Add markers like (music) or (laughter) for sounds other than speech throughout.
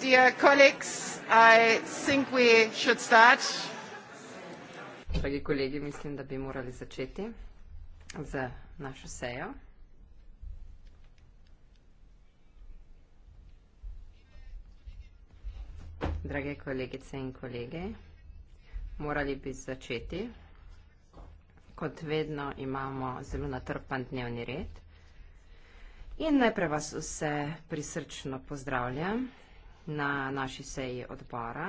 Dear colleagues, I think we should start. Dragi kolegi, mislim, da bi morali začeti z našo sejo. Drage kolegice in kolege, morali bi začeti. Kot vedno imamo zelo natrpan dnevni red. In najprej vas vse prisrčno pozdravljam na naši seji odbora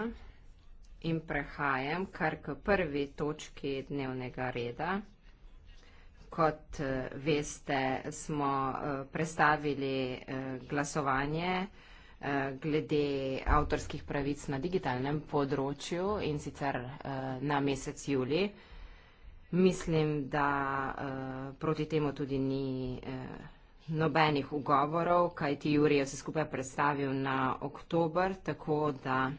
in prehajam kar k prvi točki dnevnega reda. Kot eh, veste, smo eh, predstavili eh, glasovanje glede avtorskih pravic na digitalnem področju in sicer na mesec juli. Mislim, da proti temu tudi ni nekaj nobenih ugovorov, kajti Jurij je vse skupaj predstavil na oktober, tako da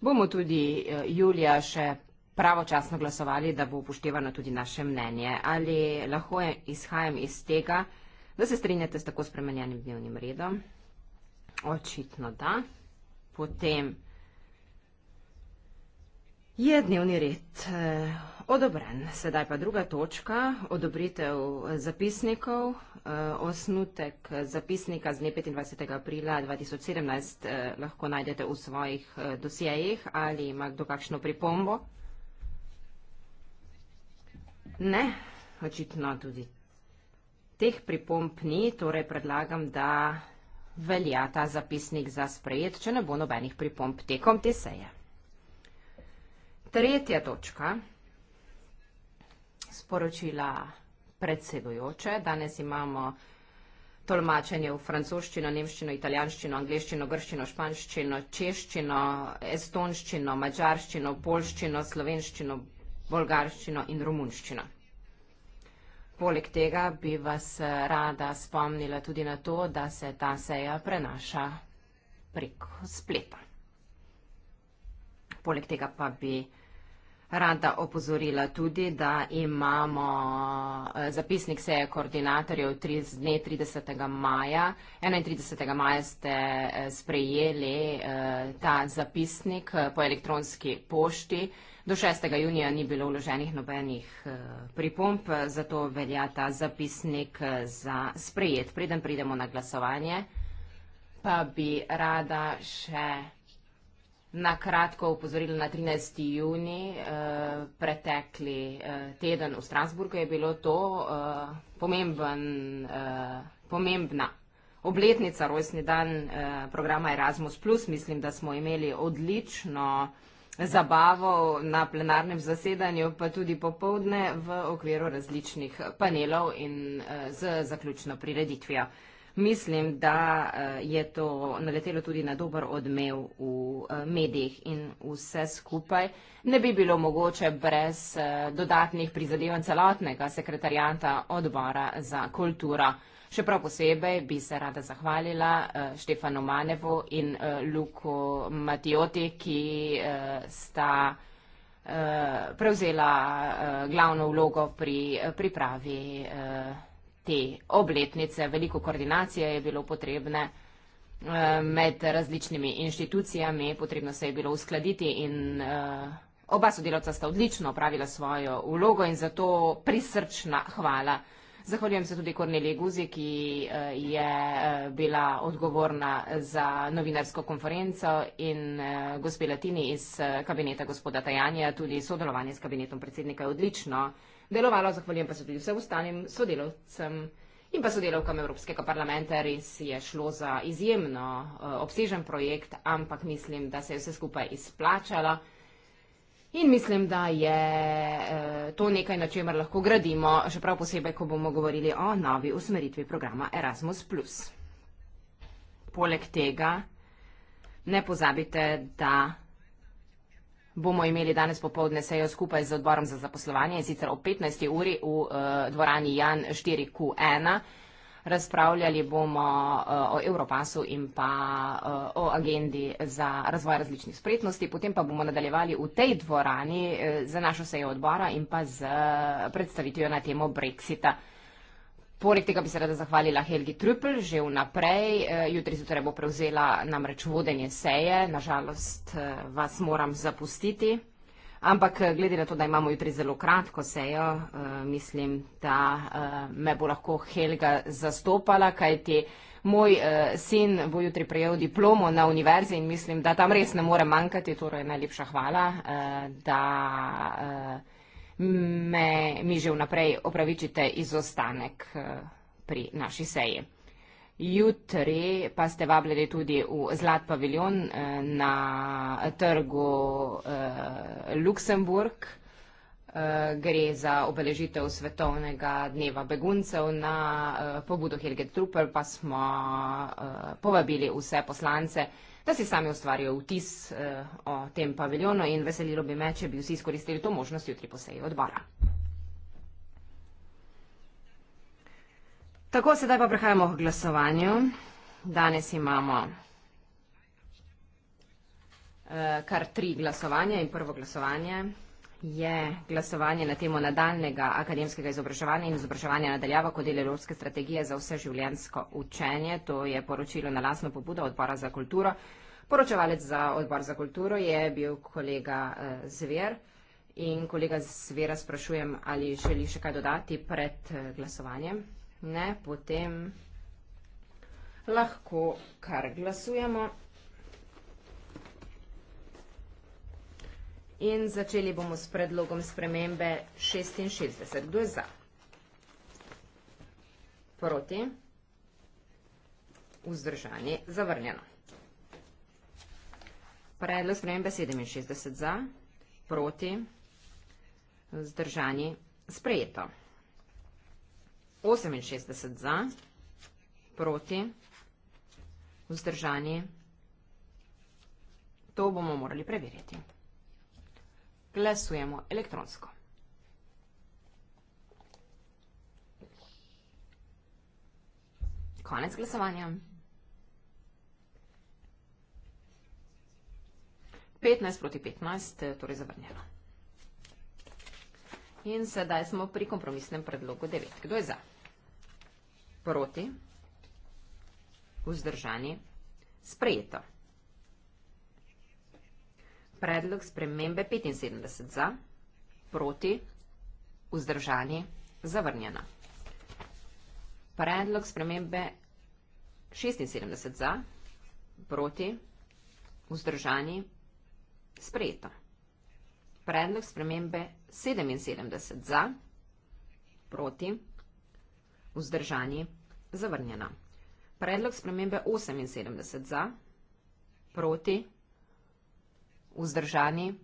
bomo tudi eh, julija še pravočasno glasovali, da bo upoštevano tudi naše mnenje. Ali lahko izhajam iz tega, da se strinjate s tako spremenjenim dnevnim redom? Očitno da. Potem. Je dnevni red eh, odobren. Sedaj pa druga točka, odobritev eh, zapisnikov, eh, osnutek zapisnika z dne 25. aprila 2017 lahko najdete v svojih dosjejih ali ima kdo kakšno pripombo? Ne, očitno tudi teh pripomb ni, torej predlagam, da velja ta zapisnik za sprejet, če ne bo nobenih pripomb tekom te seje. Tretja točka sporočila predsedujoče. Danes imamo tolmačenje v francoščino, nemščino, italijanščino, angliščino, grščino, španščino, češčino, estonščino, mađarščino, polščino, slovenščino, bolgarščino in romunščino. Poleg tega bi vas rada spomnila tudi na to, da se ta seja prenaša preko spleta. Poleg tega pa bi rada opozorila tudi, da imamo eh, zapisnik seje koordinatorjev z dne 30. maja. 31. maja ste eh, sprejeli eh, ta zapisnik po elektronski pošti. Do 6. junija ni bilo vloženih nobenih pripomp, zato velja ta zapisnik za sprejet. Preden pridemo na glasovanje, pa bi rada še Na kratko upozorili na 13. juni, eh, pretekli eh, teden v Strasburgu je bilo to eh, pomemben, eh, pomembna obletnica, rojstni dan eh, programa Erasmus. Mislim, da smo imeli odlično zabavo na plenarnem zasedanju, pa tudi popovdne v okviru različnih panelov in eh, z zaključno prireditvijo mislim, da eh, je to naletelo tudi na dober odmev v eh, medijih in vse skupaj ne bi bilo mogoče brez eh, dodatnih prizadevanj celotnega sekretarijanta odbora za kulturo. Še prav posebej bi se rada zahvalila Štefanu Manevu in Luku Matijoti, ki sta prevzela glavno vlogo pri pripravi te obletnice, veliko koordinacije je bilo potrebne eh, med različnimi inštitucijami, potrebno se je bilo uskladiti in eh, oba sodelavca sta odlično opravila svojo vlogo in zato prisrčna hvala. Zahvaljujem se tudi Korneliji Guzi, ki eh, je bila odgovorna za novinarsko konferenco in gospe Latini iz kabineta gospoda Tajanja, tudi sodelovanje s kabinetom predsednika je odlično delovalo, zahvaljujem pa se tudi vsem ostalim sodelovcem in pa sodelovkam Evropskega parlamenta. Res je šlo za izjemno eh, obsežen projekt, ampak mislim, da se je vse skupaj izplačalo. In mislim, da je eh, to nekaj, na čemer lahko gradimo, še prav posebej, ko bomo govorili o novi usmeritvi programa Erasmus. Poleg tega ne pozabite, da bomo imeli danes popovdne sejo skupaj z odborom za zaposlovanje in sicer o 15. uri v eh, dvorani Jan 4Q1. Razpravljali bomo eh, o Europasu in pa eh, o agendi za razvoj različnih spretnosti, potem pa bomo nadaljevali v tej dvorani za našo sejo odbora in pa z predstavitvijo na temo Brexita. Poleg tega bi se rada zahvalila Helgi Trupel že vnaprej. Eh, jutri zjutraj bo prevzela namreč vodenje seje. Nažalost eh, vas moram zapustiti. Ampak eh, glede na to, da imamo jutri zelo kratko sejo, mislim, da me bo lahko Helga zastopala, kajti moj sin bo jutri prejel diplomo na univerzi in mislim, da tam res ne more manjkati. Torej, najlepša hvala, da me, mi že vnaprej opravičite izostanek eh, pri naši seji. Jutri pa ste vabljeni tudi v Zlat paviljon eh, na trgu eh, Luksemburg. Gre za obeležitev svetovnega dneva beguncev na pobudo Helge Trupel, pa smo povabili vse poslance, da si sami ustvarijo vtis eh, o tem paviljonu in veselilo bi me, če bi vsi izkoristili to možnost jutri po seji odbora. Tako, sedaj pa prehajamo k glasovanju. Danes imamo eh, kar tri glasovanja in prvo glasovanje je glasovanje na temo nadaljnega akademskega izobraževanja in izobraževanja nadaljava kot del Evropske strategije za vse življensko učenje. To je poročilo na lasno pobudo odbora za kulturo. Poročevalec za odbor za kulturo je bil kolega eh, Zver. In kolega Zvera sprašujem, ali želi še kaj dodati pred eh, glasovanjem. Ne, potem lahko kar glasujemo. In začeli bomo s predlogom spremembe 66. Kdo je za? Proti? Vzdržanje zavrnjeno. Predlog spremembe 67 za, proti, vzdržanje sprejeto. 68 za, proti, vzdržanje, to bomo morali preveriti glasujemo elektronsko. Konec glasovanja. 15 proti 15, torej zavrnjeno. In sedaj smo pri kompromisnem predlogu 9. Kdo je za? Proti, vzdržani, sprejeto predlog spremembe 75 za, proti, vzdržani, zavrnjena. Predlog spremembe 76 za, proti, vzdržani, sprejeto. Predlog spremembe 77 za, proti, vzdržani, zavrnjena. Predlog spremembe 78 za, proti, vzdržani, sprejeto vzdržani.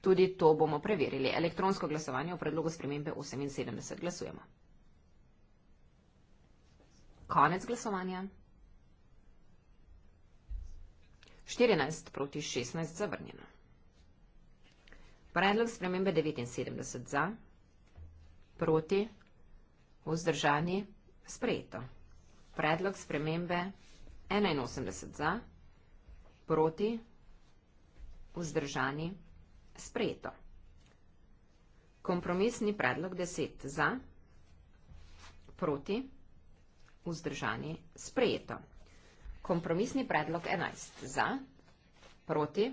Tudi to bomo preverili. Elektronsko glasovanje v predlogu spremembe 78 glasujemo. Konec glasovanja. 14 proti 16 zavrnjeno. Predlog spremembe 79 za, proti, vzdržani, sprejeto. Predlog spremembe 81 za, proti, vzdržani vzdržani, sprejeto. Kompromisni predlog 10 za, proti, vzdržani, sprejeto. Kompromisni predlog 11 za, proti,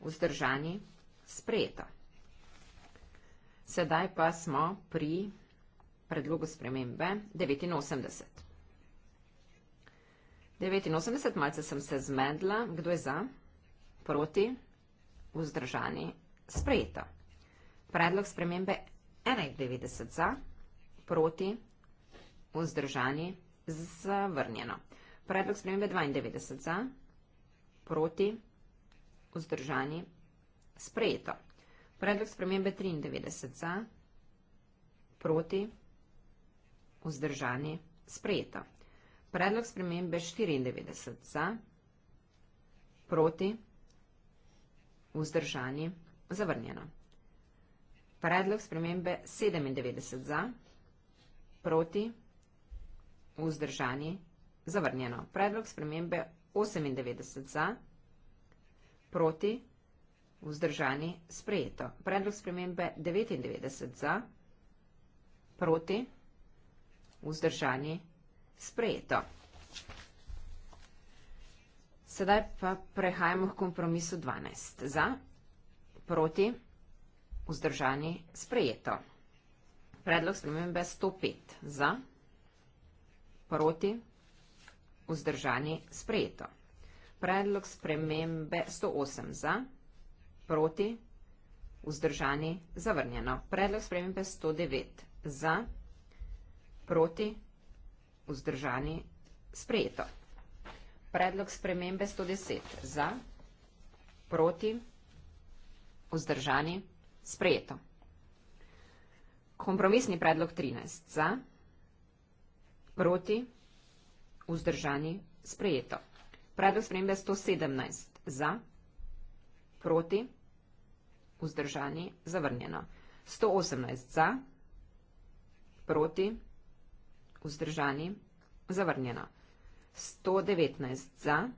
vzdržani, sprejeto. Sedaj pa smo pri predlogu spremembe 89. 89, malce sem se zmedla, kdo je za? 89 proti, vzdržani, sprejeto. Predlog spremembe 91 za, proti, vzdržani, zavrnjeno. Predlog spremembe 92 za, proti, vzdržani, sprejeto. Predlog spremembe 93 za, proti, vzdržani, sprejeto. Predlog spremembe 94 za, proti, vzdržani, sprejeto vzdržani, zavrnjeno. Predlog spremembe 97 za, proti, vzdržani, zavrnjeno. Predlog spremembe 98 za, proti, vzdržani, sprejeto. Predlog spremembe 99 za, proti, vzdržani, sprejeto. Sedaj pa prehajamo v kompromisu 12. Za, proti, vzdržani, sprejeto. Predlog spremembe 105. Za, proti, vzdržani, sprejeto. Predlog spremembe 108. Za, proti, vzdržani, zavrnjeno. Predlog spremembe 109. Za, proti, vzdržani, sprejeto predlog spremembe 110. Za, proti, vzdržani, sprejeto. Kompromisni predlog 13. Za, proti, vzdržani, sprejeto. Predlog spremembe 117. Za, proti, vzdržani, zavrnjeno. 118. Za, proti, vzdržani, zavrnjeno. 119 za,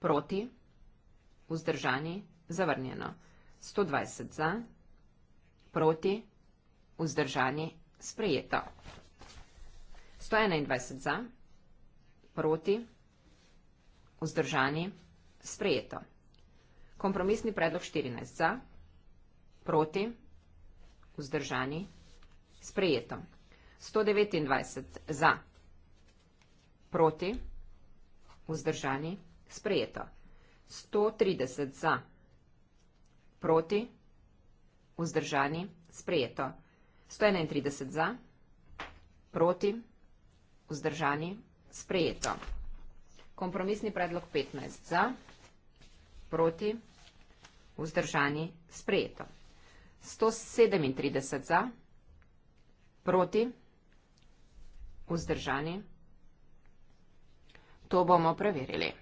proti, vzdržani, zavrnjeno. 120 za, proti, vzdržani, sprejeto. 121 za, proti, vzdržani, sprejeto. Kompromisni predlog 14 za, proti, vzdržani, sprejeto. 129 za, proti, vzdržani, sprejeto. Proti, vzdržani, sprejeto. 130 za, proti, vzdržani, sprejeto. 131 za, proti, vzdržani, sprejeto. Kompromisni predlog 15 za, proti, vzdržani, sprejeto. 137 za, proti, vzdržani, sprejeto. To bomo preverili.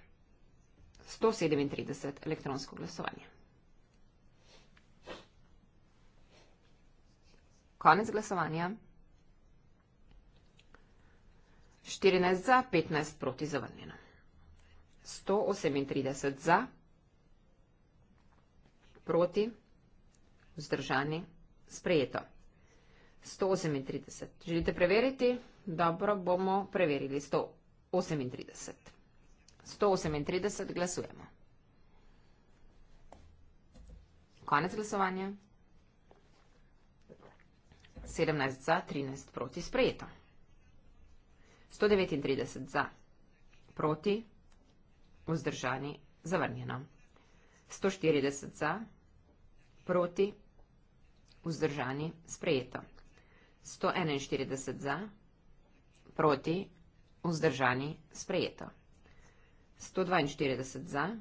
137 elektronsko glasovanje. Konec glasovanja. 14 za, 15 proti zavrnjeno. 138 za, proti, vzdržani, sprejeto. 138. Želite preveriti? Dobro, bomo preverili. 100. 38. 138 glasujemo. Konec glasovanja. 17 za, 13 proti sprejeto. 139 za, proti, vzdržani, zavrnjeno. 140 za, proti, vzdržani, sprejeto. 141 za, proti, vzdržani sprejeto. 142 za,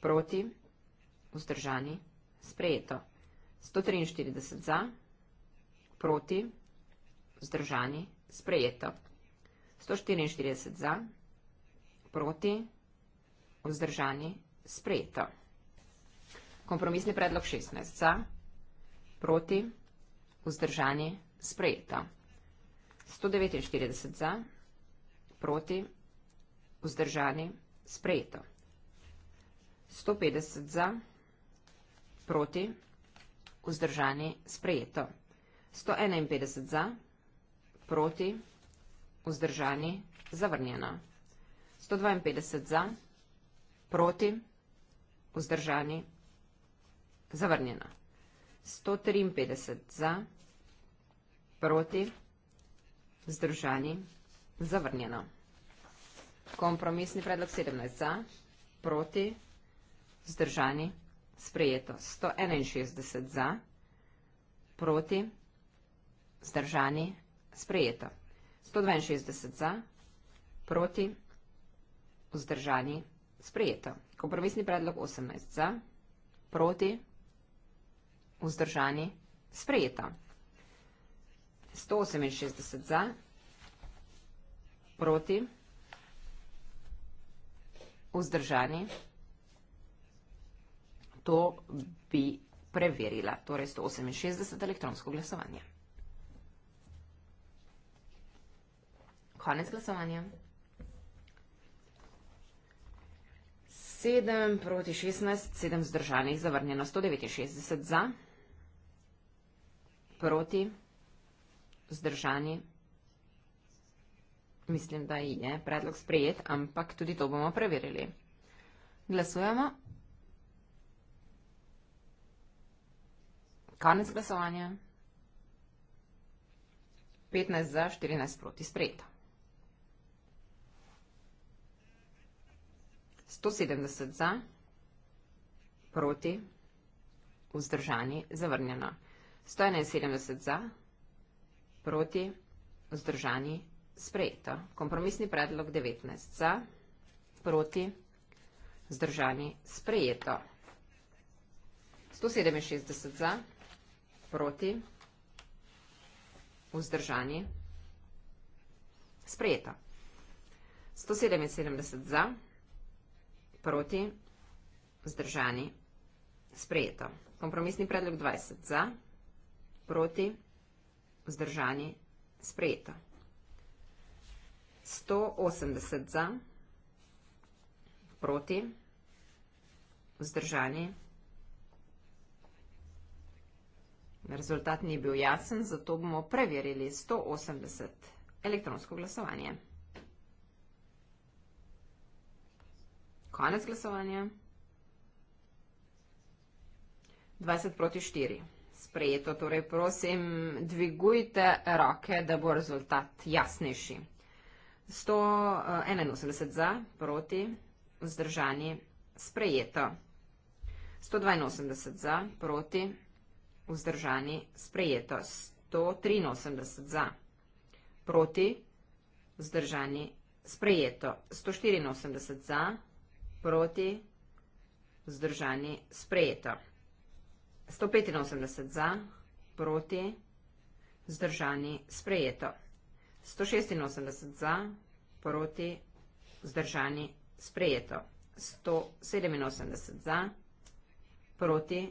proti, vzdržani sprejeto. 143 za, proti, vzdržani sprejeto. 144 za, proti, vzdržani sprejeto. Kompromisni predlog 16 za, proti, vzdržani sprejeto. 149 za, proti, vzdržani sprejeto proti, vzdržani, sprejeto. 150 za, proti, vzdržani, sprejeto. 151 za, proti, vzdržani, zavrnjeno. 152 za, proti, vzdržani, zavrnjeno. 153 za, proti, vzdržani, zavrnjeno zavrnjeno. Kompromisni predlog 17 za, proti, zdržani, sprejeto 161 za, proti, zdržani, sprejeto 162 za, proti, vzdržani, sprejeto. Kompromisni predlog 18 za, proti, vzdržani, sprejeto. 168 za, Proti? Vzdržani? To bi preverila. Torej 168 elektronsko glasovanje. Konec glasovanja. 7 proti 16, 7 zdržanih, zavrnjeno 169 za, proti, zdržanih 169. Mislim, da je predlog sprejet, ampak tudi to bomo preverili. Glasujemo. Konec glasovanja. 15 za, 14 proti sprejeta. 170 za, proti, vzdržani, zavrnjeno. 171 za, proti, vzdržani, sprejeto. Kompromisni predlog 19 za, proti, zdržani, sprejeto. 167 za, proti, vzdržani, sprejeto. 177 za, proti, vzdržani, sprejeto. Kompromisni predlog 20 za, proti, vzdržani, sprejeto. 180 za, proti, vzdržani. Rezultat ni bil jasen, zato bomo preverili 180 elektronsko glasovanje. Konec glasovanja. 20 proti 4. Sprejeto, torej prosim, dvigujte roke, da bo rezultat jasnejši. 181 eh, za, proti, vzdržani, sprejeto. 182 za, proti, vzdržani, sprejeto. 183 za, proti, vzdržani, sprejeto. 184 za, proti, vzdržani, sprejeto. 185 za, proti, vzdržani, sprejeto. 186 za, proti, vzdržani, sprejeto. 186 za, proti, zdržani, sprejeto. 187 za, proti,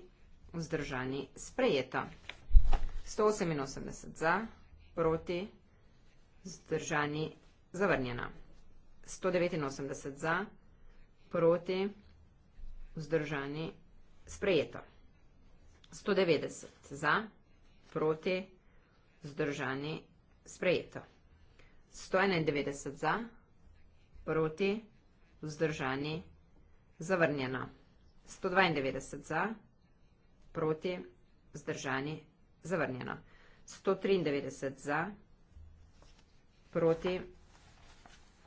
vzdržani, sprejeto. 188 za, proti, zdržani, zavrnjeno. 189 za, proti, vzdržani, sprejeto. 190 za, proti, vzdržani, sprejeto. 191 za, proti, vzdržani, zavrnjeno. 192 za, proti, vzdržani, zavrnjeno. 193 za, proti,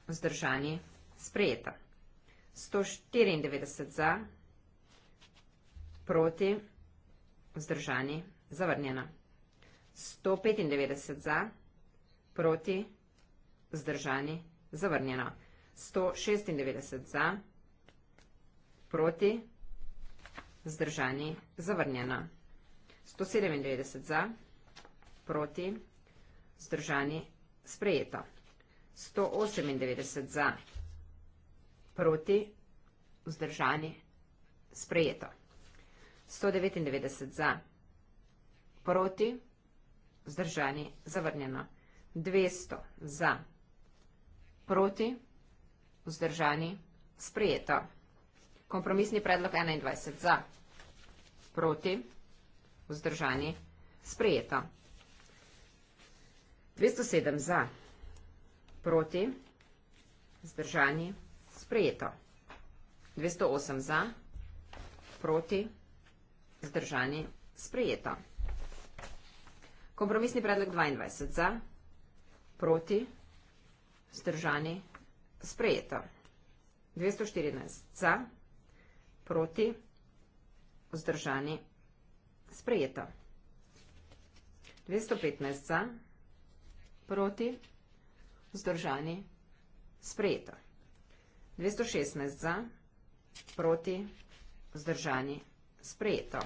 vzdržani, sprejeta. 194 za, proti, vzdržani, zavrnjeno. 195 za, proti, vzdržani, zavrnjeno zdržani, zavrnjeno. 196 za, proti, zdržani, zavrnjeno. 197 za, proti, zdržani, sprejeto. 198 za, proti, vzdržani, sprejeto. 199 za, proti, vzdržani, zavrnjeno. 200 za, proti, Proti? Vzdržani? Sprejeto. Kompromisni predlog 21 za. Proti? Vzdržani? Sprejeto. 207 za. Proti? Vzdržani? Sprejeto. 208 za. Proti? Vzdržani? Sprejeto. Kompromisni predlog 22 za. Proti? Vzdržani? vzdržani, sprejeto. 214 za, proti, vzdržani, sprejeto. 215 za, proti, vzdržani, sprejeto. 216 za, proti, vzdržani, sprejeto.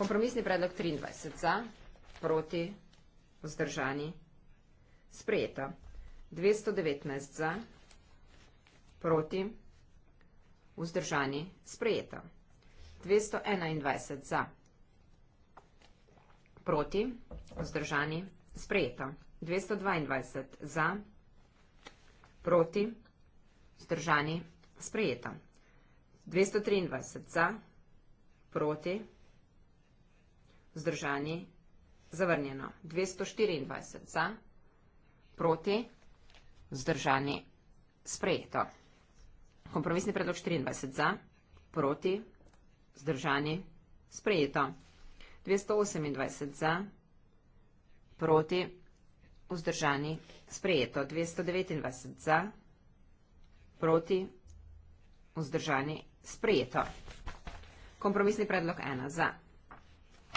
Kompromisni predlog 23 za, proti, vzdržani, sprejeto. 219 za, proti, vzdržani, sprejeto. 221 za, proti, vzdržani, sprejeto. 222 za, proti, vzdržani, sprejeto. 223 za, proti, vzdržani, zavrnjeno. 224 za, proti, vzdržani, sprejeto vzdržani. Sprejeto. Kompromisni predlog 24 za, proti, vzdržani. Sprejeto. 228 za, proti, vzdržani. Sprejeto. 229 za, proti, vzdržani. Sprejeto. Kompromisni predlog 1 za,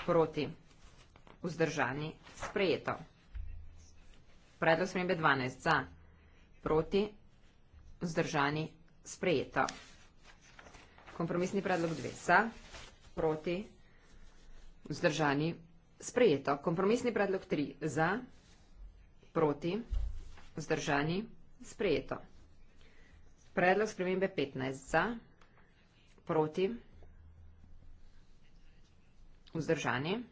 proti, vzdržani. Sprejeto. Predlog spremembe 12 za, proti, vzdržani proti, vzdržani, sprejeto. Kompromisni predlog dve za, proti, vzdržani, sprejeto. Kompromisni predlog tri za, proti, vzdržani, sprejeto. Predlog spremembe 15 za, proti, vzdržani,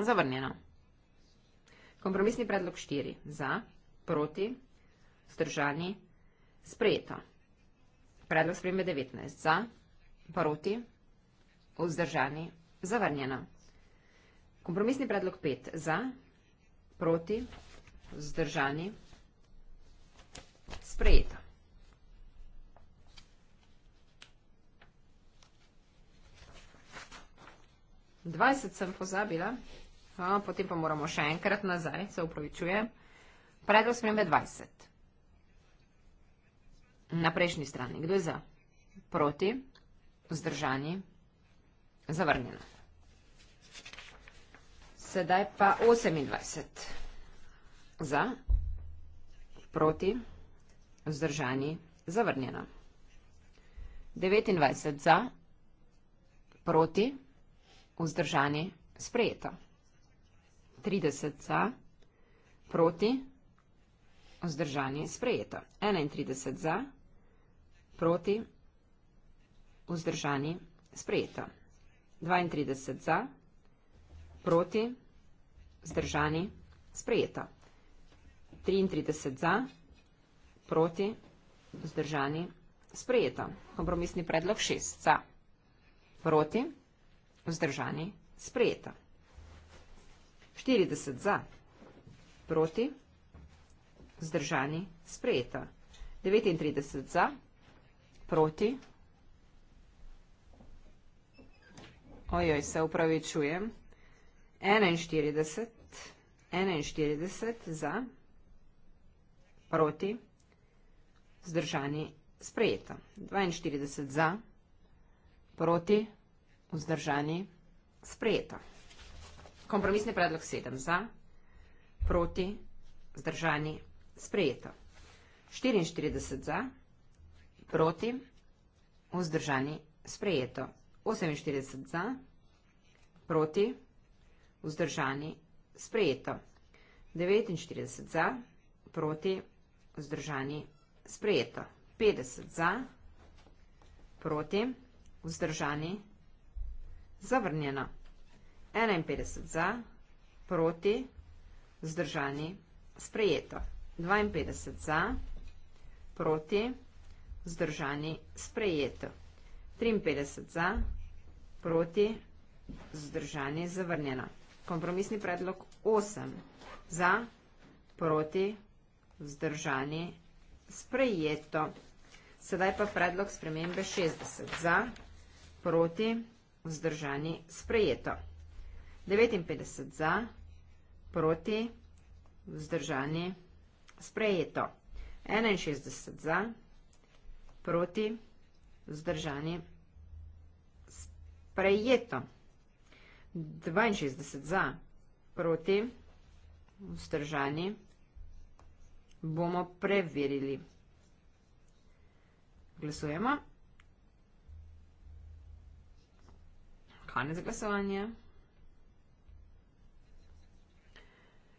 zavrnjeno. Kompromisni predlog 4 za, proti, vzdržani, sprejeto. Zdržani. Sprejeto. Predlog spremembe 19. Za. Proti. Vzdržani. Zavrnjeno. Kompromisni predlog 5. Za. Proti. Vzdržani. Sprejeto. Dvajset sem pozabila, potem pa moramo še enkrat nazaj, se upravičujem. Predlog spremembe 20. 20. Na prejšnji strani. Kdo je za? Proti, vzdržani, zavrnjeno. Sedaj pa 28. Za, proti, vzdržani, zavrnjeno. 29. Za, proti, vzdržani, sprejeto. 30. Za, proti, vzdržani, sprejeto vzdržanje je sprejeto. 31 za, proti, vzdržanje je sprejeto. 32 za, proti, vzdržanje je sprejeto. 33 za, proti, vzdržanje je sprejeto. Kompromisni predlog 6 za, proti, vzdržanje je sprejeto. 40 za, proti, vzdržanje je sprejeto vzdržani, sprejeta. 39 za, proti. Ojoj, se upravičujem. 41, 41 za, proti, vzdržani, sprejeta. 42 za, proti, vzdržani, sprejeta. Kompromisni predlog 7 za, proti, vzdržani, sprejeta sprejeto. 44 za, proti, vzdržani, sprejeto. 48 za, proti, vzdržani, sprejeto. 49 za, proti, vzdržani, sprejeto. 50 za, proti, vzdržani, zavrnjeno. 51 za, proti, vzdržani, sprejeto. 52 za, proti, vzdržani, sprejeto. 53 za, proti, vzdržani, zavrnjeno. Kompromisni predlog 8 za, proti, vzdržani, sprejeto. Sedaj pa predlog spremembe 60 za, proti, vzdržani, sprejeto. 59 za, proti, vzdržani, sprejeto sprejeto. 61 za, proti, vzdržani, sprejeto. 62 za, proti, vzdržani, bomo preverili. Glasujemo. Konec glasovanja.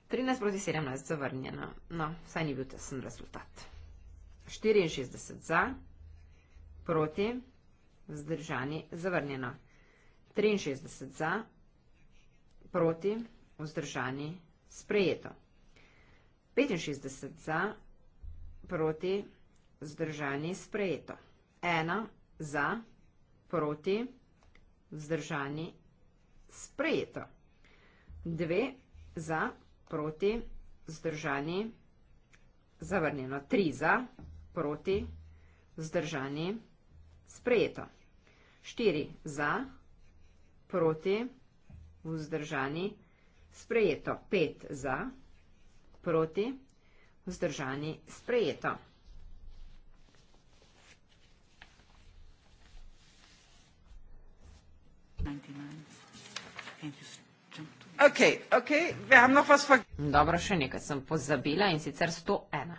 13 proti 17 zavrnjeno. No, saj ni bil tesen rezultat. 64 za, proti, vzdržani, zavrnjeno. 63 za, proti, vzdržani, sprejeto. 65 za, proti, vzdržani, sprejeto. 1 za, proti, vzdržani, sprejeto. 2 za, proti, vzdržani, sprejeto proti, vzdržani, zavrnjeno, tri za, proti, vzdržani, sprejeto, štiri za, proti, vzdržani, sprejeto, pet za, proti, vzdržani, sprejeto. Thank you. Okay, okay. Wir haben noch was ver Dobro, še nekaj sem pozabila in sicer 101.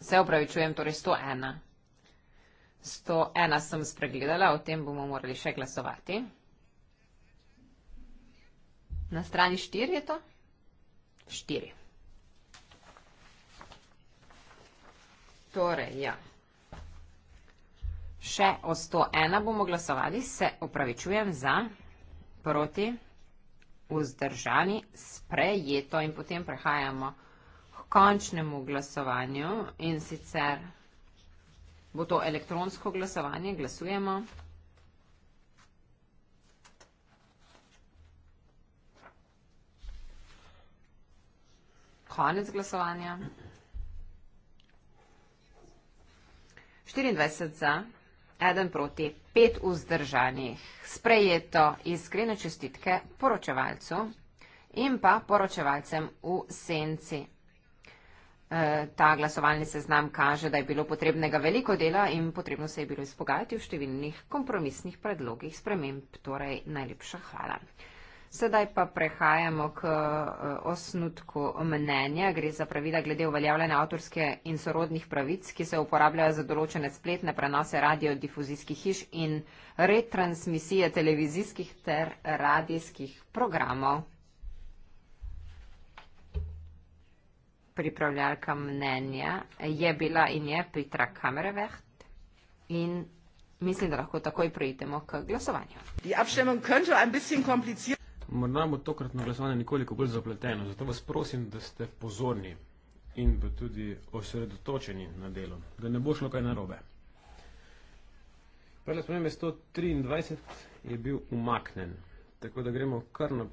Se upravičujem, torej 101. 101 sem spregledala, o tem bomo morali še glasovati. Na strani 4 je to? 4. Torej, ja. Še o 101 bomo glasovali, se upravičujem za proti, vzdržani, sprejeto in potem prehajamo k končnemu glasovanju in sicer bo to elektronsko glasovanje, glasujemo. Konec glasovanja. 24 za, eden proti pet vzdržanih. Sprejeto iskrene čestitke poročevalcu in pa poročevalcem v senci. E, ta glasovalni seznam kaže, da je bilo potrebnega veliko dela in potrebno se je bilo izpogajati v številnih kompromisnih predlogih sprememb. Torej, najlepša hvala. Sedaj pa prehajamo k eh, osnutku mnenja. Gre za pravila glede uveljavljanja avtorske in sorodnih pravic, ki se uporabljajo za določene spletne prenose radiodifuzijskih hiš in retransmisije televizijskih ter radijskih programov. Pripravljalka mnenja je bila in je Petra Kamereveht in mislim, da lahko takoj prejdemo k glasovanju. Die Abstimmung könnte ein bisschen komplizierter morda bo tokrat na glasovanje nekoliko bolj zapleteno, zato vas prosim, da ste pozorni in pa tudi osredotočeni na delo, da ne bo šlo kaj narobe. Prvo spremembe 123 je bil umaknen, tako da gremo kar na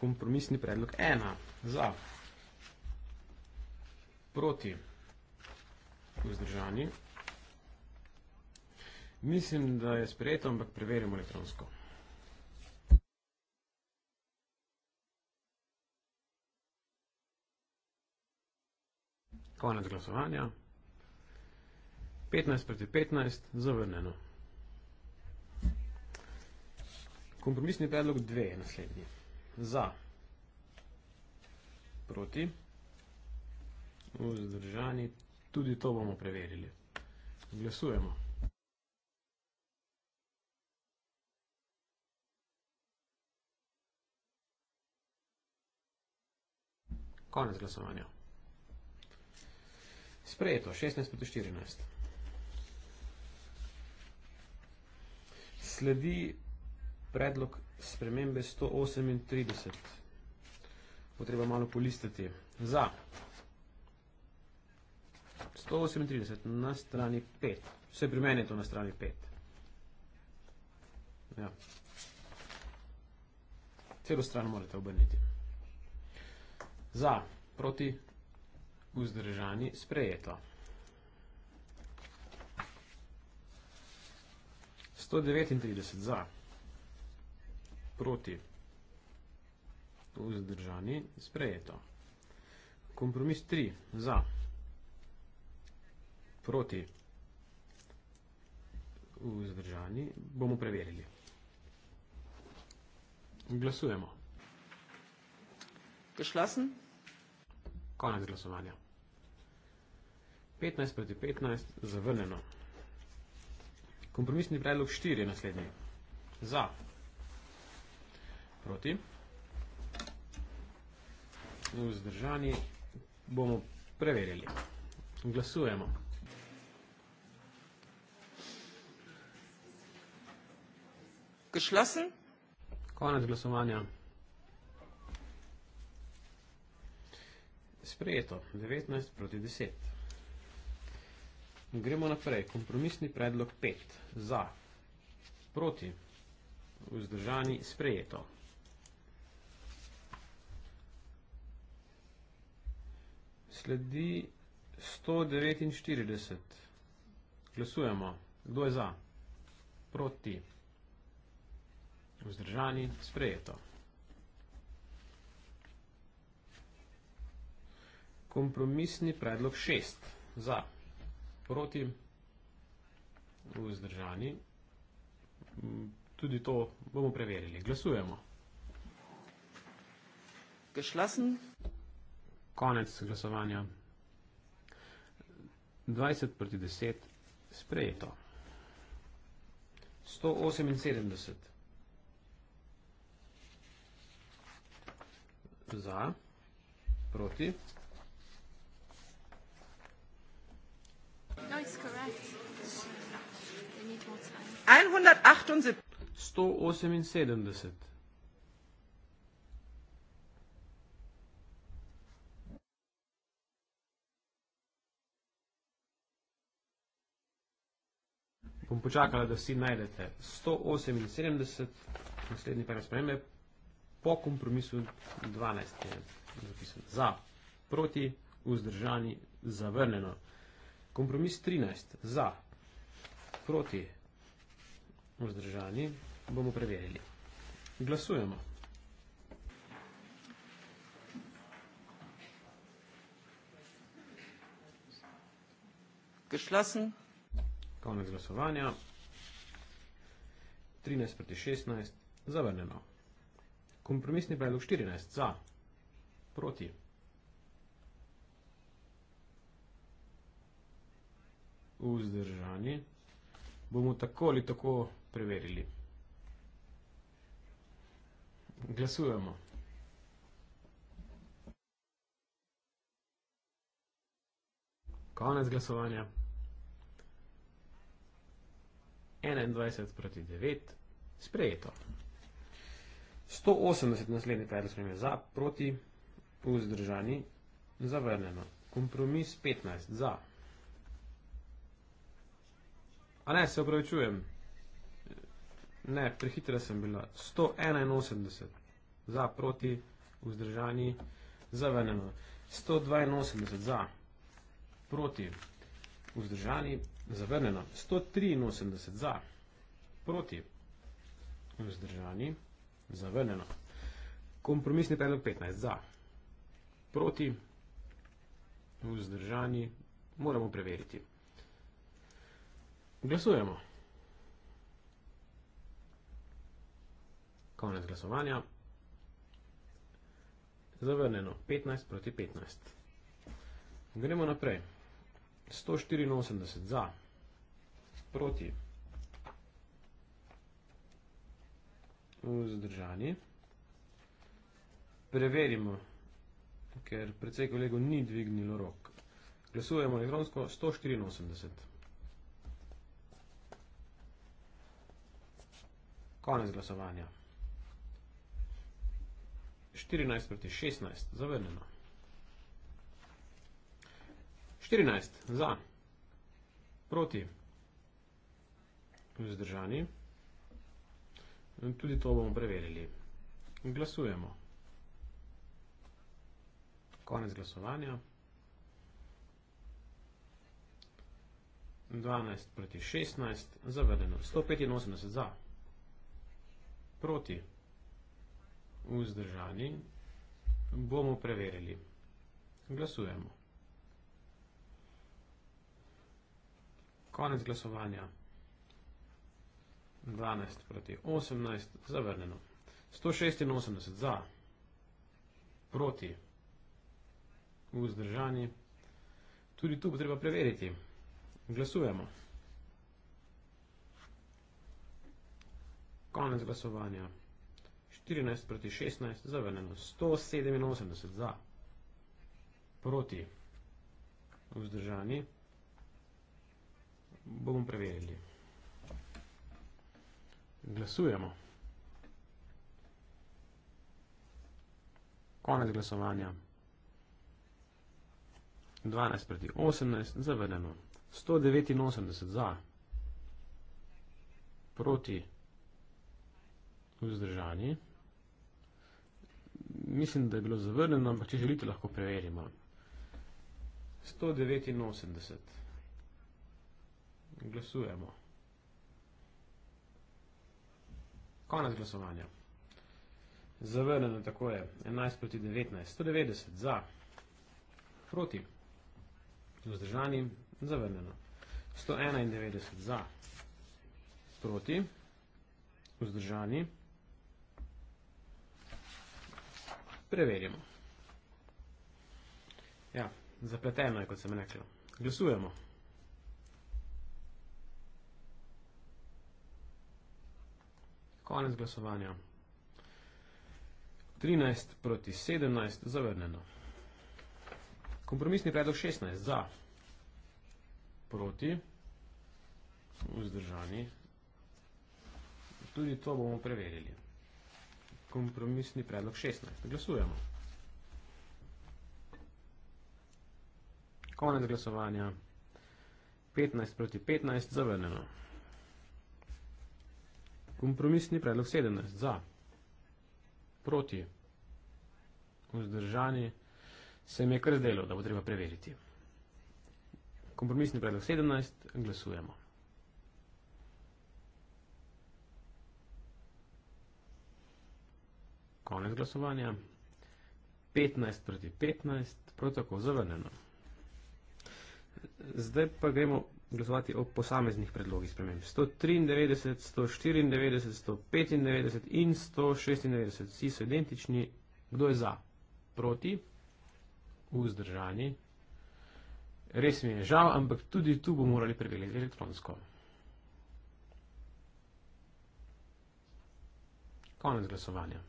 kompromisni predlog. Ena za, proti, vzdržani. Mislim, da je sprejeto, ampak preverimo elektronsko. Konec glasovanja. 15 proti 15, zavrneno. Kompromisni predlog 2 je naslednji. Za, proti, vzdržani, tudi to bomo preverili. Glasujemo. Konec glasovanja. Sprejeto, 16 proti 14. Sledi predlog spremembe 138. Potreba malo polistati. Za 138 na strani 5. Vse pri meni je to na strani 5. Ja. Celo stran morate obrniti. Za, proti, vzdržani sprejeto. 139 za, proti, vzdržani sprejeto. Kompromis 3 za, proti, vzdržani, bomo preverili. Glasujemo. Geschlossen. Konec glasovanja. 15 proti 15, zavrnjeno. Kompromisni predlog 4 je naslednji. Za. Proti. Vzdržani bomo preverili. Glasujemo. Gešlosen. Konec glasovanja. Sprejeto. 19 proti 10. Gremo naprej. Kompromisni predlog 5. Za. Proti. Vzdržani sprejeto. Sledi 149. Glasujemo. Kdo je za? Proti. Vzdržani sprejeto. Kompromisni predlog 6. Za. Za proti, vzdržani. Tudi to bomo preverili. Glasujemo. Geschlossen. Konec glasovanja. 20 proti 10. Sprejeto. 178. Za. Proti. 178. No, Bom počakala, da si najdete 178, naslednji pa razpreme, po kompromisu 12 je zapisano. Za, proti, vzdržani, zavrneno. Kompromis 13. Za, proti, vzdržani, bomo preverili. Glasujemo. Geschlossen. Konec glasovanja. 13 proti 16. Zavrnjeno. Kompromisni predlog 14. Za, proti. vzdržani, bomo tako ali tako preverili. Glasujemo. Konec glasovanja. 21 proti 9. Sprejeto. 180 naslednji predlog smo imeli za, proti, vzdržani, zavrneno. Kompromis 15 za. A ne, se upravičujem. Ne, prehitra sem bila. 181 za, proti, vzdržani, zavrnjeno. 182 za, proti, vzdržani, zavrnjeno. 183 za, proti, vzdržani, zavrnjeno. Kompromisni predlog 15 za, proti, vzdržani, moramo preveriti. Glasujemo. Konec glasovanja. Zavrneno 15 proti 15. Gremo naprej. 184 za, proti, vzdržani. Preverimo, ker precej kolego ni dvignilo rok. Glasujemo elektronsko 184. 184. Konec glasovanja. 14 proti 16. Zavrneno. 14. Za. Proti. Vzdržani. Tudi to bomo preverili. Glasujemo. Konec glasovanja. 12 proti 16. Zavrneno. 185 za. 185 za proti vzdržani, bomo preverili. Glasujemo. Konec glasovanja. 12 proti 18, zavrneno. 186 za, proti vzdržani. Tudi tu bo treba preveriti. Glasujemo. Konec glasovanja. 14 proti 16, zavrnjeno 187 za, proti vzdržani, bomo preverili. Glasujemo. Konec glasovanja. 12 proti 18, zavrnjeno 189 za, proti vzdržani vzdržani. Mislim, da je bilo zavrnjeno, ampak če želite, lahko preverimo. 189. Glasujemo. Konec glasovanja. Zavrnjeno tako je. 11 proti 19. 190 za. Proti. Vzdržani. Zavrnjeno. 191 za. Proti. Vzdržani. preverimo. Ja, zapleteno je, kot sem rekel. Glasujemo. Konec glasovanja. 13 proti 17, zavrnjeno. Kompromisni predlog 16, za, proti, vzdržani. Tudi to bomo preverili kompromisni predlog 16. Glasujemo. Konec glasovanja. 15 proti 15, zavrneno. Kompromisni predlog 17, za. Proti. Vzdržani. Se mi je kar zdelo, da bo treba preveriti. Kompromisni predlog 17, glasujemo. konec glasovanja. 15 proti 15, prav tako zavrneno. Zdaj pa gremo glasovati o posameznih predlogih sprememb. 193, 194, 195 in 196, vsi so identični. Kdo je za? Proti? Vzdržani? Res mi je žal, ampak tudi tu bomo morali pregledati elektronsko. Konec glasovanja.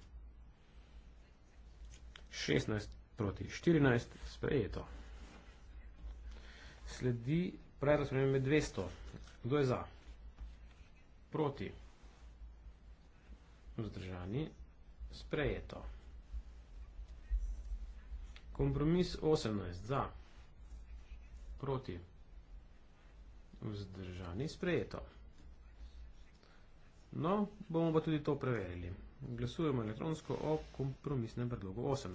16 proti 14, sprejeto. Sledi predlog spremembe 200. Kdo je za? Proti. Vzdržani. Sprejeto. Kompromis 18. Za. Proti. Vzdržani. Sprejeto. No, bomo pa tudi to preverili. Glasujemo elektronsko o kompromisnem predlogu 18.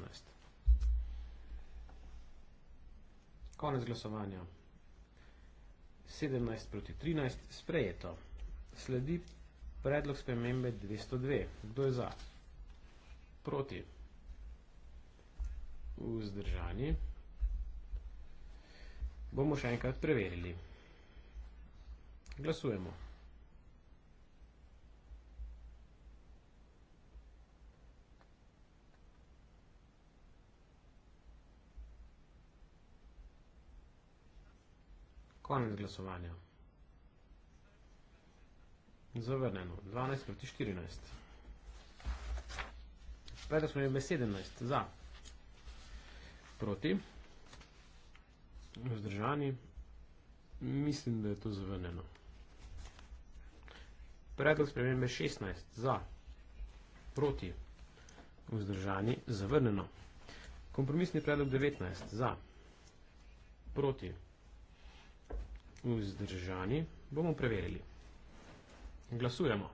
Konec glasovanja. 17 proti 13. Sprejeto. Sledi predlog spremembe 202. Kdo je za? Proti. Vzdržani. Bomo še enkrat preverili. Glasujemo. Konec glasovanja. Zavrnjeno. 12 proti 14. Preto smo imeli 17 za. Proti. Vzdržani. Mislim, da je to zavrnjeno. Predlog spremembe 16. Za. Proti. Vzdržani. Zavrnjeno. Kompromisni predlog 19. Za. Proti. Vzdržani vzdržani, bomo preverili. Glasujemo.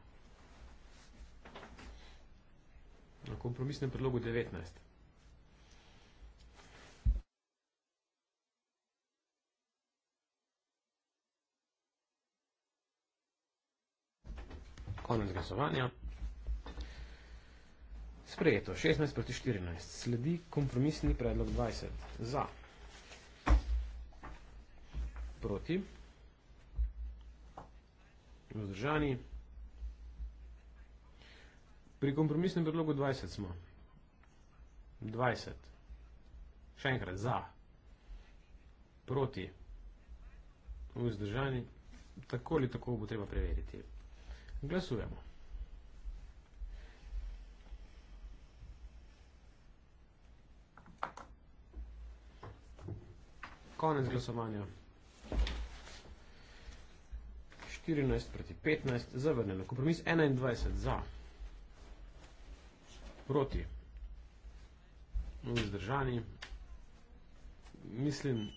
Na kompromisnem predlogu 19. Konec glasovanja. Sprejeto 16 proti 14. Sledi kompromisni predlog 20. Za. Proti vzdržani. Pri kompromisnem predlogu 20 smo. 20. Še enkrat za. Proti. Vzdržani. Tako ali tako bo treba preveriti. Glasujemo. Konec glasovanja. 14 proti 15, zavrnjeno. Kompromis 21 za. Proti. Vzdržani. Mislim,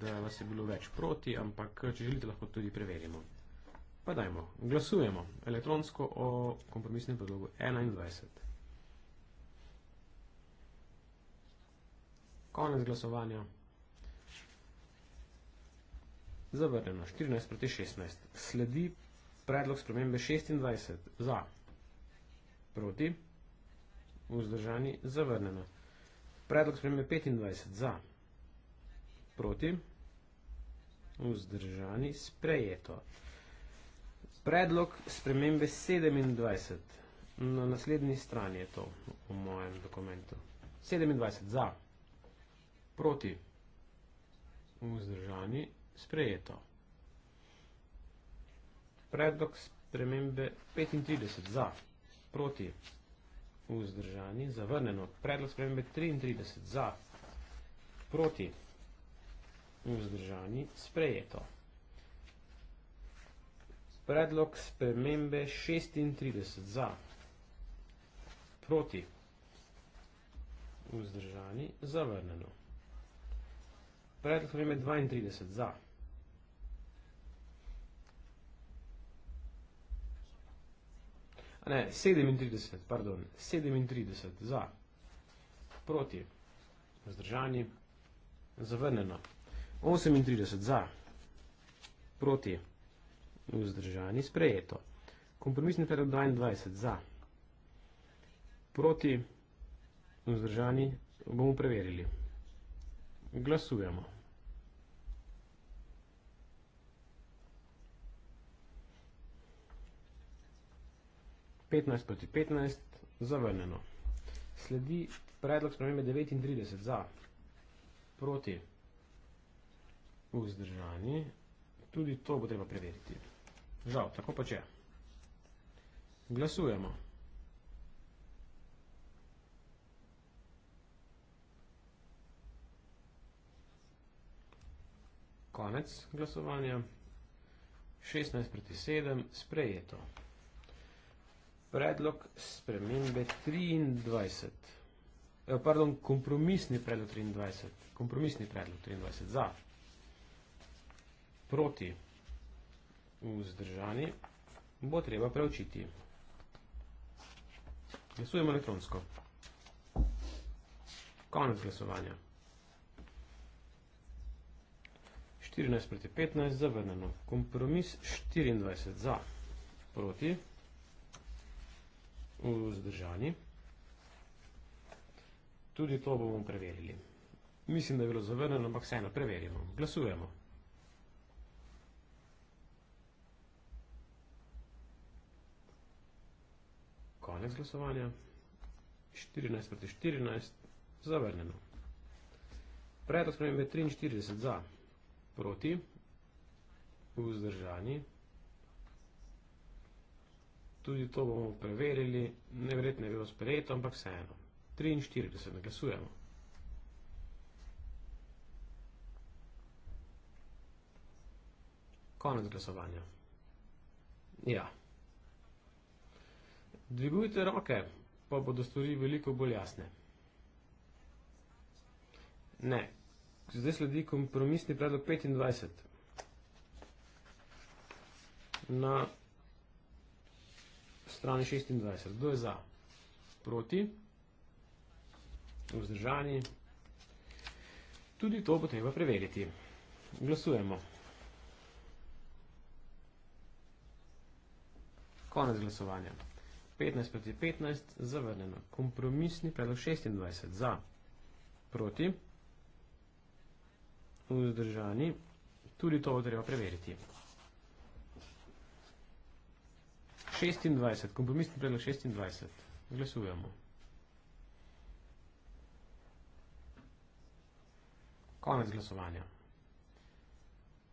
da vas je bilo več proti, ampak če želite, lahko tudi preverimo. Pa dajmo, glasujemo elektronsko o kompromisnem predlogu 21. Konec glasovanja zavrnjeno 14 proti 16. Sledi predlog spremembe 26 za proti vzdržani zavrnjeno. Predlog spremembe 25 za proti vzdržani sprejeto. Predlog spremembe 27 na naslednji strani je to v mojem dokumentu. 27 za proti vzdržani sprejeto sprejeto. Predlog spremembe 35 za, proti, vzdržani, zavrneno. Predlog spremembe 33 za, proti, vzdržani, sprejeto. Predlog spremembe 36 za, proti, vzdržani, zavrneno. Predlog spremembe 32 za, proti, vzdržani. Ne, 37, pardon, 37 za, proti, vzdržani, zavrnjeno. 38 za, proti, vzdržani, sprejeto. Kompromisni predlog 22 za, proti, vzdržani, bomo preverili. Glasujemo. 15 proti 15, zavrnjeno. Sledi predlog spremembe 39 za, proti, vzdržani. Tudi to bo treba preveriti. Žal, tako pa če. Glasujemo. Konec glasovanja. 16 proti 7, sprejeto predlog spremembe 23. Eh, pardon, kompromisni predlog 23. Kompromisni predlog 23. Za. Proti. Vzdržani. Bo treba preučiti. Glasujemo elektronsko. Konec glasovanja. 14 proti 15, zavrneno. Kompromis 24 za, proti zadržani. Tudi to bomo preverili. Mislim, da je bilo zavrneno, ampak vseeno preverimo. Glasujemo. Konec glasovanja. 14 proti 14. Zavrneno. Predlog spremembe 43 za. Proti. Vzdržani. Tudi to bomo preverili, neverjetno je bilo sprejeto, ampak vseeno. 43, glasujemo. Konec glasovanja. Ja. Dvigujte roke, pa bodo stvari veliko bolj jasne. Ne. Zdaj sledi kompromisni predlog 25. Na strani 26. Kdo je za? Proti? Vzdržani? Tudi to bo treba preveriti. Glasujemo. Konec glasovanja. 15 proti 15, zavrneno. Kompromisni predlog 26. Za? Proti? Vzdržani? Tudi to bo treba preveriti. 26, kompromisni predlog 26. Glasujemo. Konec glasovanja.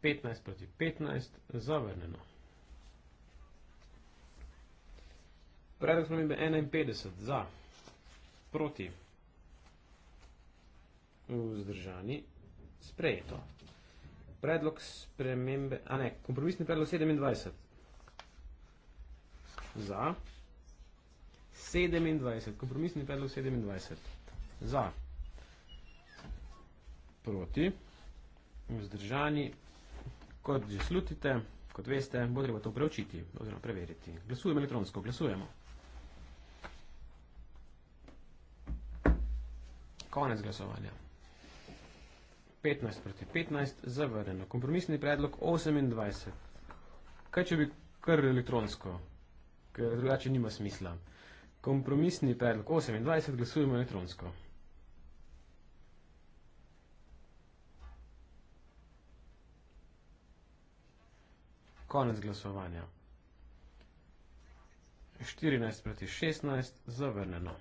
15 proti 15, zavrneno. Predlog spremembe 51, za, proti, vzdržani, sprejeto. Predlog spremembe, a ne, kompromisni predlog 27, za 27, kompromisni predlog 27, za proti, vzdržani, kot že slutite, kot veste, bo treba to preučiti oziroma preveriti. Glasujemo elektronsko, glasujemo. Konec glasovanja. 15 proti 15, zavrjeno. Kompromisni predlog 28. Kaj, če bi kar elektronsko ker drugače nima smisla. Kompromisni predlog 28 glasujemo elektronsko. Konec glasovanja. 14 proti 16, zavrneno.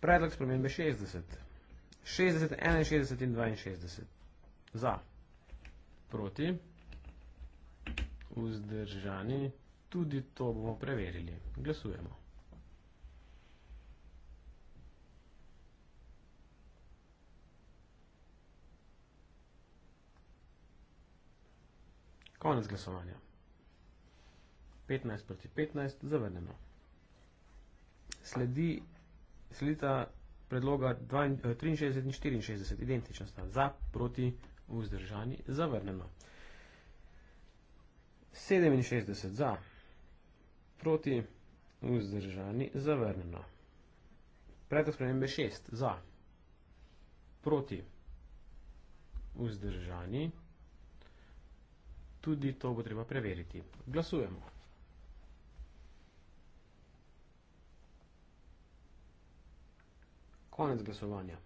Predlog spremembe 60. 60, 61 in 62. Za. Proti. Vzdržani. Vzdržani. Tudi to bomo preverili. Glasujemo. Konec glasovanja. 15 proti 15, zavrnjeno. Sledi, sledita predloga 62, 63 in 64, identična sta za, proti, vzdržani, zavrnjeno. 67 za, proti, vzdržani, zavrnjeno. Predlog spremembe 6. Za, proti, vzdržani, tudi to bo treba preveriti. Glasujemo. Konec glasovanja.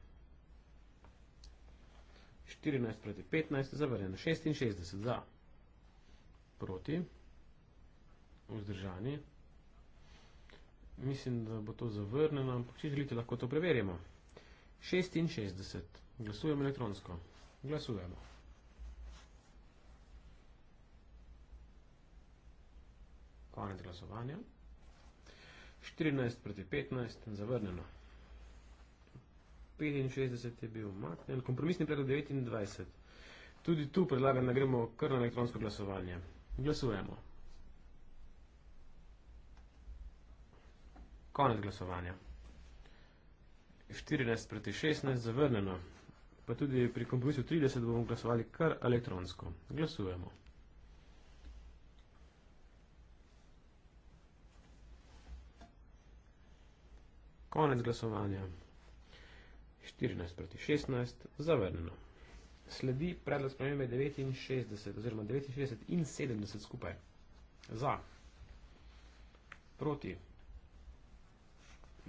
14 proti 15, zavrnjeno 66 za, proti, vzdržani vzdržani. Mislim, da bo to zavrneno, ampak če želite, lahko to preverimo. 66. Glasujemo elektronsko. Glasujemo. Konec glasovanja. 14 proti 15. Zavrneno. 65 je bil umaknjen. Kompromisni predlog 29. Tudi tu predlagam, da gremo kar na elektronsko glasovanje. Glasujemo. Konec glasovanja. 14 proti 16 zavrnjeno, pa tudi pri kompromisu 30 bomo glasovali kar elektronsko. Glasujemo. Konec glasovanja. 14 proti 16 zavrnjeno. Sledi predlog spremembe 69 oziroma 69 in 70 skupaj. Za. Proti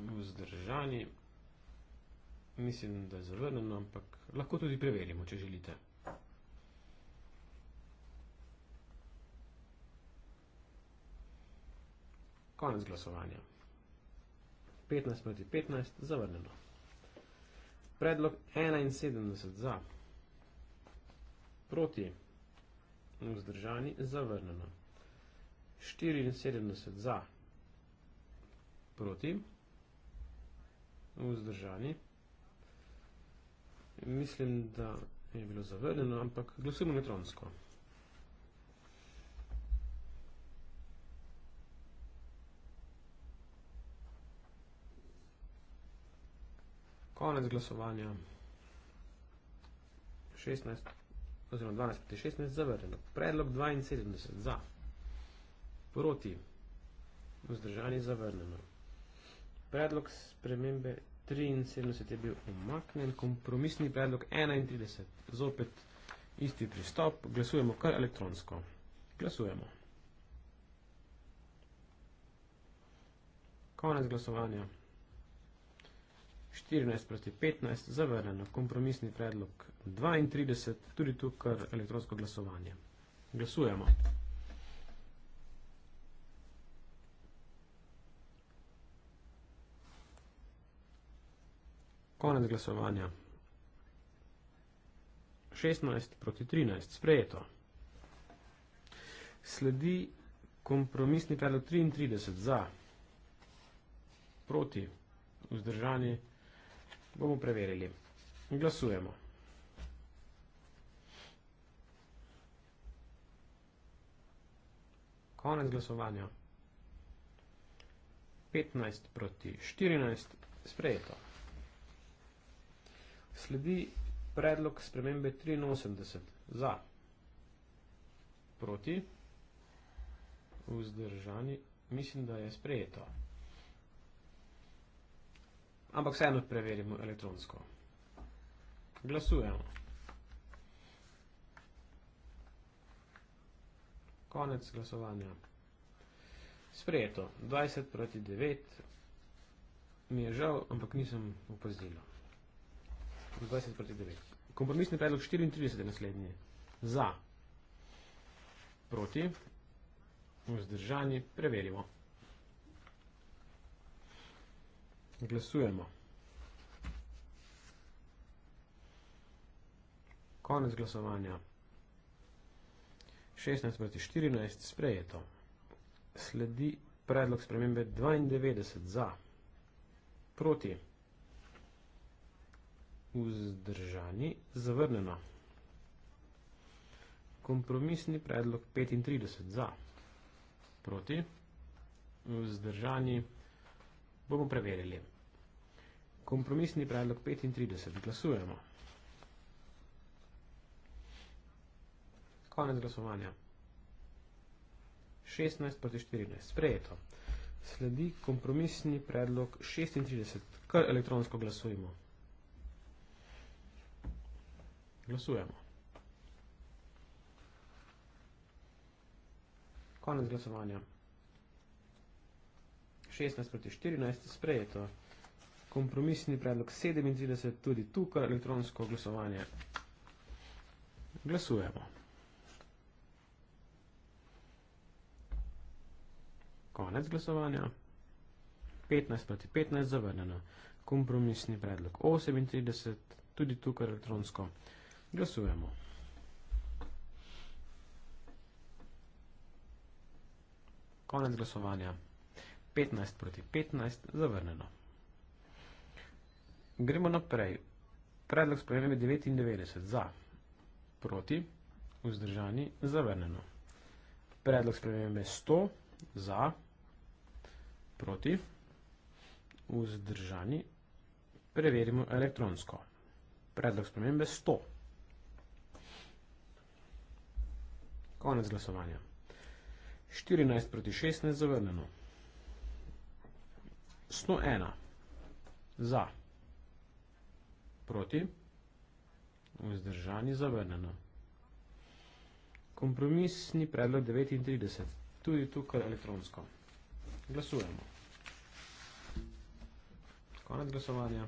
bil zdržani. Mislim, da je zavrnjeno, ampak lahko tudi preverimo, če želite. Konec glasovanja. 15 proti 15, zavrnjeno. Predlog 71 za. Proti. Vzdržani, zavrnjeno. 74 za. Proti vzdržani. Mislim, da je bilo zavrnjeno, ampak glasujemo elektronsko. Konec glasovanja. 16 oziroma 12 proti 16 zavrnjeno. Predlog 72 za. Proti. Vzdržanje zavrnjeno. Predlog spremembe 73 je bil umaknen, kompromisni predlog 31. Zopet isti pristop, glasujemo kar elektronsko. Glasujemo. Konec glasovanja. 14 proti 15, zavrneno. Kompromisni predlog 32, tudi tukaj elektronsko glasovanje. Glasujemo. Konec glasovanja. 16 proti 13. Sprejeto. Sledi kompromisni predlog 33 za. Proti vzdržani bomo preverili. Glasujemo. Konec glasovanja. 15 proti 14. Sprejeto. Sledi predlog spremembe 83. Za. Proti. Vzdržani. Mislim, da je sprejeto. Ampak vseeno preverimo elektronsko. Glasujemo. Konec glasovanja. Sprejeto. 20 proti 9. Mi je žal, ampak nisem upozdilo. 20 proti 9. Kompromisni predlog 34 je naslednji. Za, proti, vzdržani, preverimo. Glasujemo. Konec glasovanja. 16 proti 14, sprejeto. Sledi predlog spremembe 92 za, proti, proti, vzdržani, zavrnjeno. Kompromisni predlog 35 za, proti, vzdržani, bomo preverili. Kompromisni predlog 35, glasujemo. Konec glasovanja. 16 proti 14, sprejeto. Sledi kompromisni predlog 36, kar elektronsko glasujemo. Glasujemo. Konec glasovanja. 16 proti 14 sprejeto. Kompromisni predlog 37 tudi tukaj elektronsko glasovanje. Glasujemo. Konec glasovanja. 15 proti 15 zavrnjeno. Kompromisni predlog 38 tudi tukaj elektronsko glasovanje. Glasujemo. Konec glasovanja. 15 proti 15, zavrneno. Gremo naprej. Predlog spremembe 99 za, proti, vzdržani, zavrneno. Predlog spremembe 100 za, proti, vzdržani, preverimo elektronsko. Predlog spremembe 100 za. Konec glasovanja. 14 proti 16 zavrneno. 101 za, proti, vzdržani zavrneno. Kompromisni predlog 39, tudi tukaj elektronsko. Glasujemo. Konec glasovanja.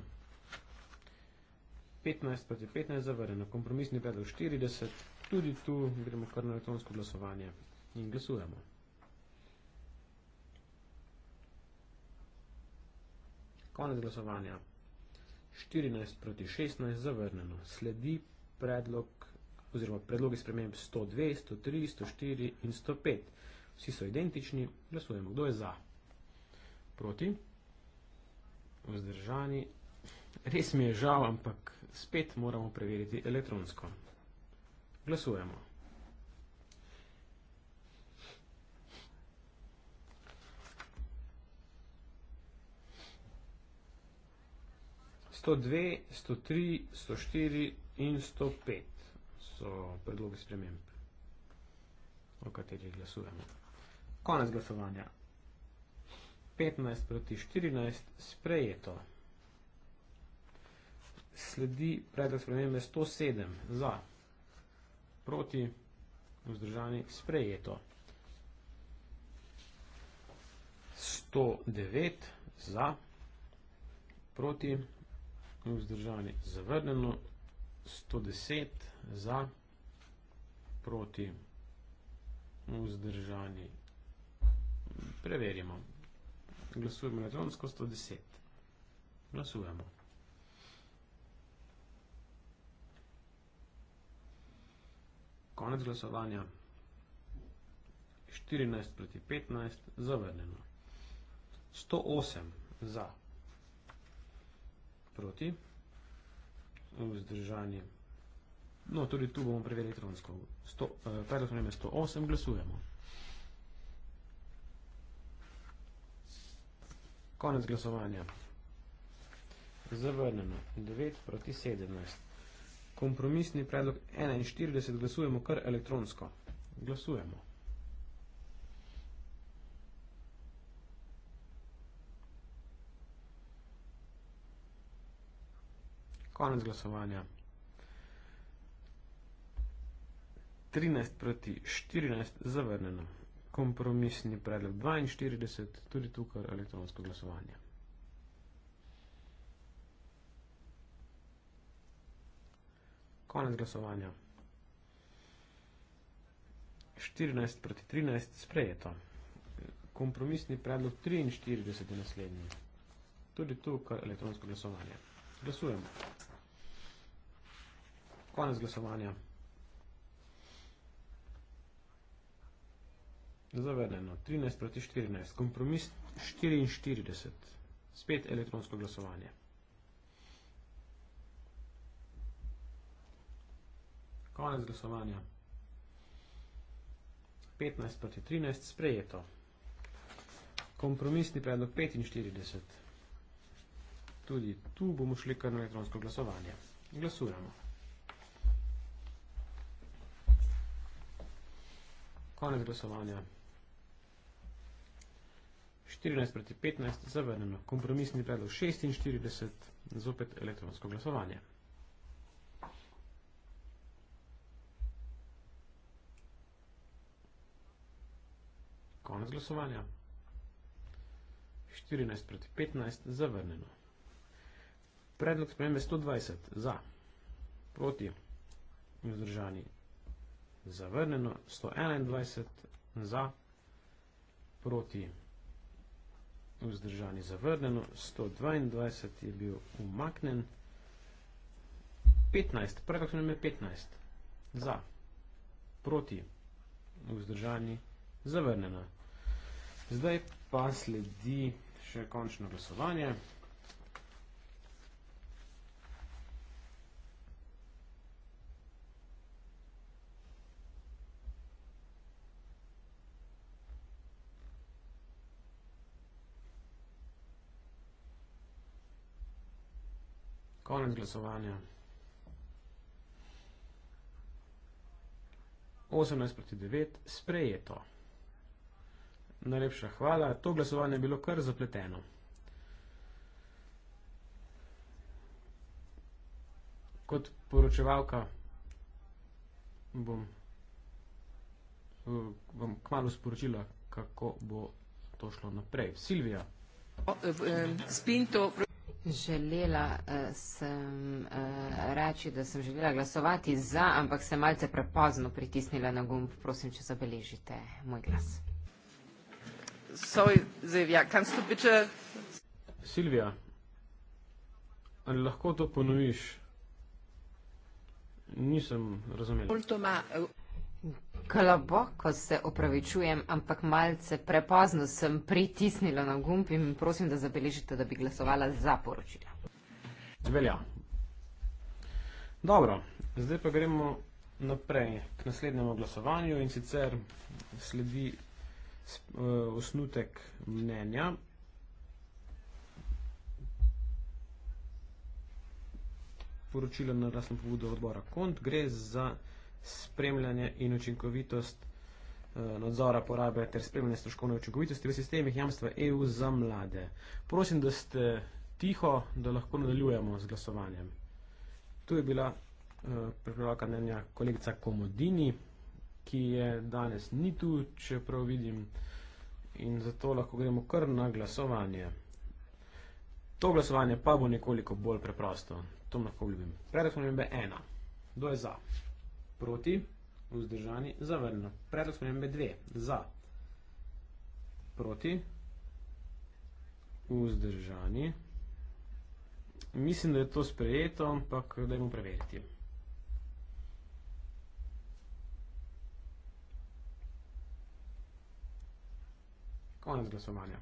15 proti 15 zavrneno. Kompromisni predlog 40. Tudi tu gremo kar na elektronsko glasovanje in glasujemo. Konec glasovanja. 14 proti 16 zavrnjeno. Sledi predlog oziroma predlogi sprememb 102, 103, 104 in 105. Vsi so identični, glasujemo. Kdo je za? Proti? Vzdržani? Res mi je žal, ampak spet moramo preveriti elektronsko. Glasujemo. Sto dve, sto tri, sto štiri in sto pet so predlogi sprememb, o katerih glasujemo. Konec glasovanja. 15 proti 14 sprejeto. Sledi predlog spremembe 107 za proti, vzdržani, sprejeto. 109 za, proti, vzdržani, zavrneno, 110 za, proti, vzdržani, preverimo. Glasujemo elektronsko 110. Glasujemo. 110. konec glasovanja 14 proti 15 zavrnjeno 108 za proti vzdržanje no tudi tu bomo preveli elektronsko eh, predlog na ime 108 glasujemo konec glasovanja zavrnjeno 9 proti 17 kompromisni predlog 41 glasujemo kar elektronsko. Glasujemo. Konec glasovanja. 13 proti 14 zavrneno. Kompromisni predlog 42, tudi tukaj elektronsko glasovanje. Konec glasovanja. 14 proti 13 sprejeto. Kompromisni predlog 43 je naslednji. Tudi tu elektronsko glasovanje. Glasujemo. Konec glasovanja. Zavedeno. 13 proti 14. Kompromis 44. Spet elektronsko glasovanje. Konec glasovanja. 15 proti 13 sprejeto. Kompromisni predlog 45. Tudi tu bomo šli kar na elektronsko glasovanje. Glasujemo. Konec glasovanja. 14 proti 15 zavedeno. Kompromisni predlog 46. Zopet elektronsko glasovanje. Konec glasovanja. 14 proti 15, zavrnjeno. Predlog spremembe 120, za, proti, vzdržani, zavrnjeno, 121, za, proti, vzdržani, zavrnjeno, 122 je bil umaknen, 15, predlog spremembe 15, za, proti, vzdržani, zavrnjeno, 122. Zdaj pa sledi še končno glasovanje. Konec glasovanja. 18 proti 9, sprejeto. Najlepša hvala. To glasovanje je bilo kar zapleteno. Kot poročevalka bom, bom kmalo sporočila, kako bo to šlo naprej. Silvija. Želela eh, sem eh, reči, da sem želela glasovati za, ampak sem malce prepozno pritisnila na gumb. Prosim, če zabeležite moj glas. Ja. Sorry, Silvia, kannst du bitte. Silvia, ali lahko to ponoviš? Nisem razumel. Eh, Kalaboko se opravičujem, ampak malce prepozno sem pritisnila na gumb in prosim, da zabeležite, da bi glasovala za poročilo. Velja. Dobro, zdaj pa gremo naprej k naslednjemu glasovanju in sicer sledi Eh, osnutek mnenja. Poročilo na glasno pobudo odbora KONT gre za spremljanje in učinkovitost eh, nadzora porabe ter spremljanje stroškovne učinkovitosti v sistemih jamstva EU za mlade. Prosim, da ste tiho, da lahko nadaljujemo z glasovanjem. Tu je bila uh, eh, pripravljaka mnenja kolegica Komodini ki je danes ni tu, če prav vidim, in zato lahko gremo kar na glasovanje. To glasovanje pa bo nekoliko bolj preprosto. To lahko ljubim. Predlog spremembe 1. Kdo je za? Proti? Vzdržani? Zavrnjeno. Predlog spremembe 2. Za? Proti? Vzdržani? Mislim, da je to sprejeto, ampak dajmo preveriti. Konec glasovanja.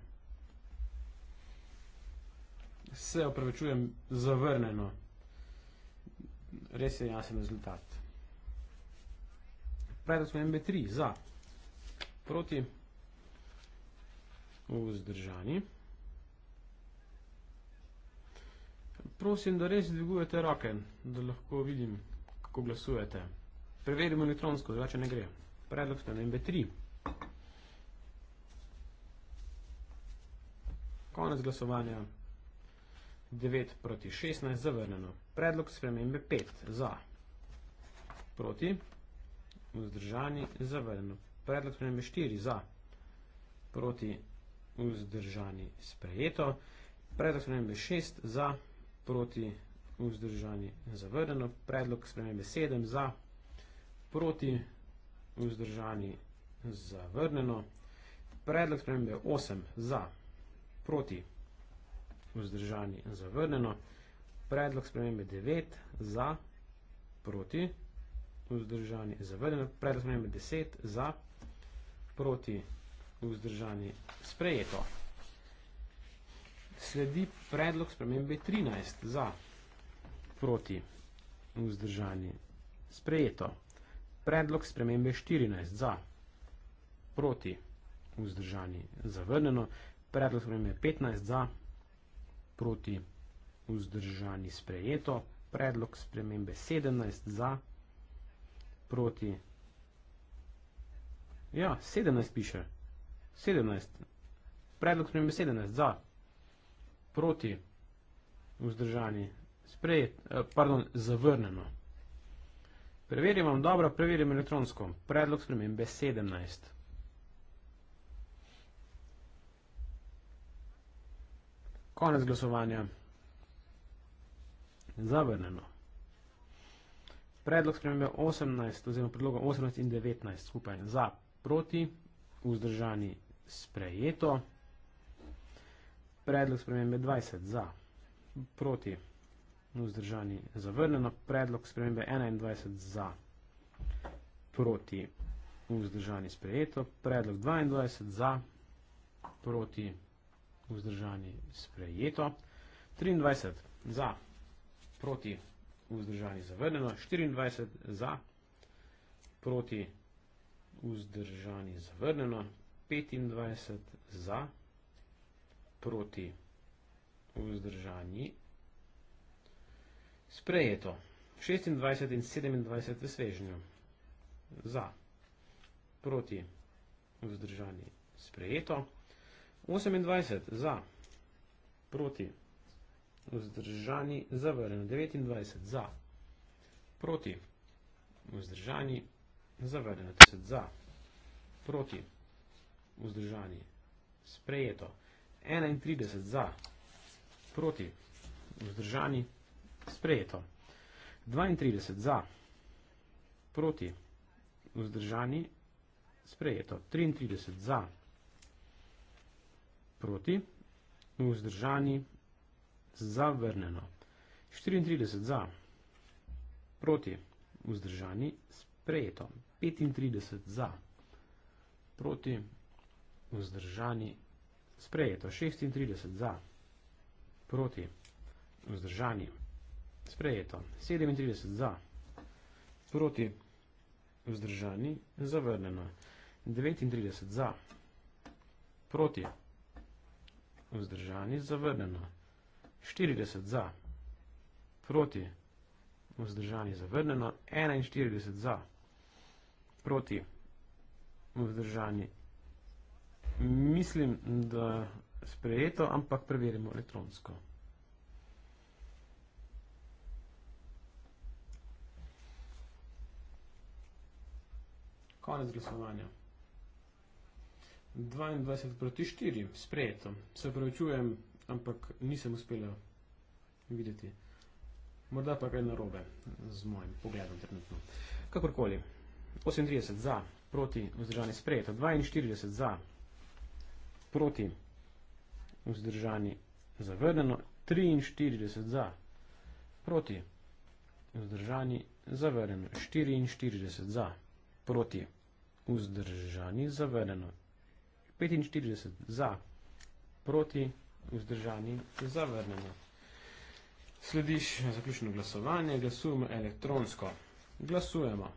Se opravičujem zavrneno. Res je jasen rezultat. Predo smo MB3 za proti vzdržani. Prosim, da res dvigujete roke, da lahko vidim, kako glasujete. Preverimo elektronsko, zvače ne gre. Predlog ste na MB3. Konec glasovanja. 9 proti 16, zavrnjeno. Predlog spremembe 5, za. Proti, vzdržani, zavrnjeno. Predlog spremembe 4, za. Proti, vzdržani, sprejeto. Predlog spremembe 6, za. Proti, vzdržani, zavrnjeno. Predlog spremembe 7, za. Proti, vzdržani, zavrnjeno. Predlog spremembe 8, za. Predlog spremembe 8, za proti, vzdržani, zavrnjeno. Predlog spremembe 9, za, proti, vzdržani, zavrnjeno. Predlog spremembe 10, za, proti, vzdržani, sprejeto. Sledi predlog spremembe 13, za, proti, vzdržani, sprejeto. Predlog spremembe 14, za, proti, vzdržani, zavrnjeno. Predlog spremembe 14, za, proti, vzdržani, zavrnjeno. Predlog sprememb je 15 za, proti vzdržani sprejeto. Predlog spremembe 17 za, proti, ja, 17 piše, 17. Predlog spremembe 17 za, proti vzdržani sprejeto, eh, pardon, zavrneno. Preverim vam dobro, preverim elektronsko. Predlog spremembe 17 za. Konec glasovanja. Zavrnjeno. Predlog spremembe 18, oziroma predloga 18 in 19 skupaj za proti, vzdržani sprejeto. Predlog spremembe 20 za proti, vzdržani zavrnjeno. Predlog spremembe 21 za proti, vzdržani sprejeto. Predlog 22 za proti, vzdržani sprejeto vzdržani sprejeto, 23 za, proti vzdržani zavrneno, 24 za, proti vzdržani zavrneno, 25 za, proti vzdržani sprejeto, 26 in 27 v svežnju, za, proti vzdržani sprejeto, 25 za, proti vzdržani sprejeto, 28 za, proti, vzdržani, zavrnjeno. 29 za, proti, vzdržani, zavrnjeno. 30 za, proti, vzdržani, sprejeto. 31 za, proti, vzdržani, sprejeto. 32 za, proti, vzdržani, sprejeto. 33 za, proti, vzdržani, sprejeto proti, vzdržani, zavrnjeno. 34 za, proti, vzdržani, sprejeto. 35 za, proti, vzdržani, sprejeto. 36 za, proti, vzdržani, sprejeto. 37 za, proti, vzdržani, zavrnjeno. 39 za, proti, vzdržani, vzdržani, zavrnjeno. 40 za, proti, vzdržani, zavrnjeno, 41 za, proti, vzdržani. Mislim, da sprejeto, ampak preverimo elektronsko. Konec glasovanja. 22 proti 4, sprejeto. Se pravičujem, ampak nisem uspela videti. Morda pa kaj narobe z mojim pogledom trenutno. Kakorkoli, 38 za, proti, vzdržani, sprejeto. 42 za, proti, vzdržani, zavrneno. 43 za, proti, vzdržani, zavrneno. 44 za, proti, vzdržani, zavrneno. 45 za, proti, vzdržani, zavrnjeno. Slediš zaključno glasovanje, glasujemo elektronsko. Glasujemo.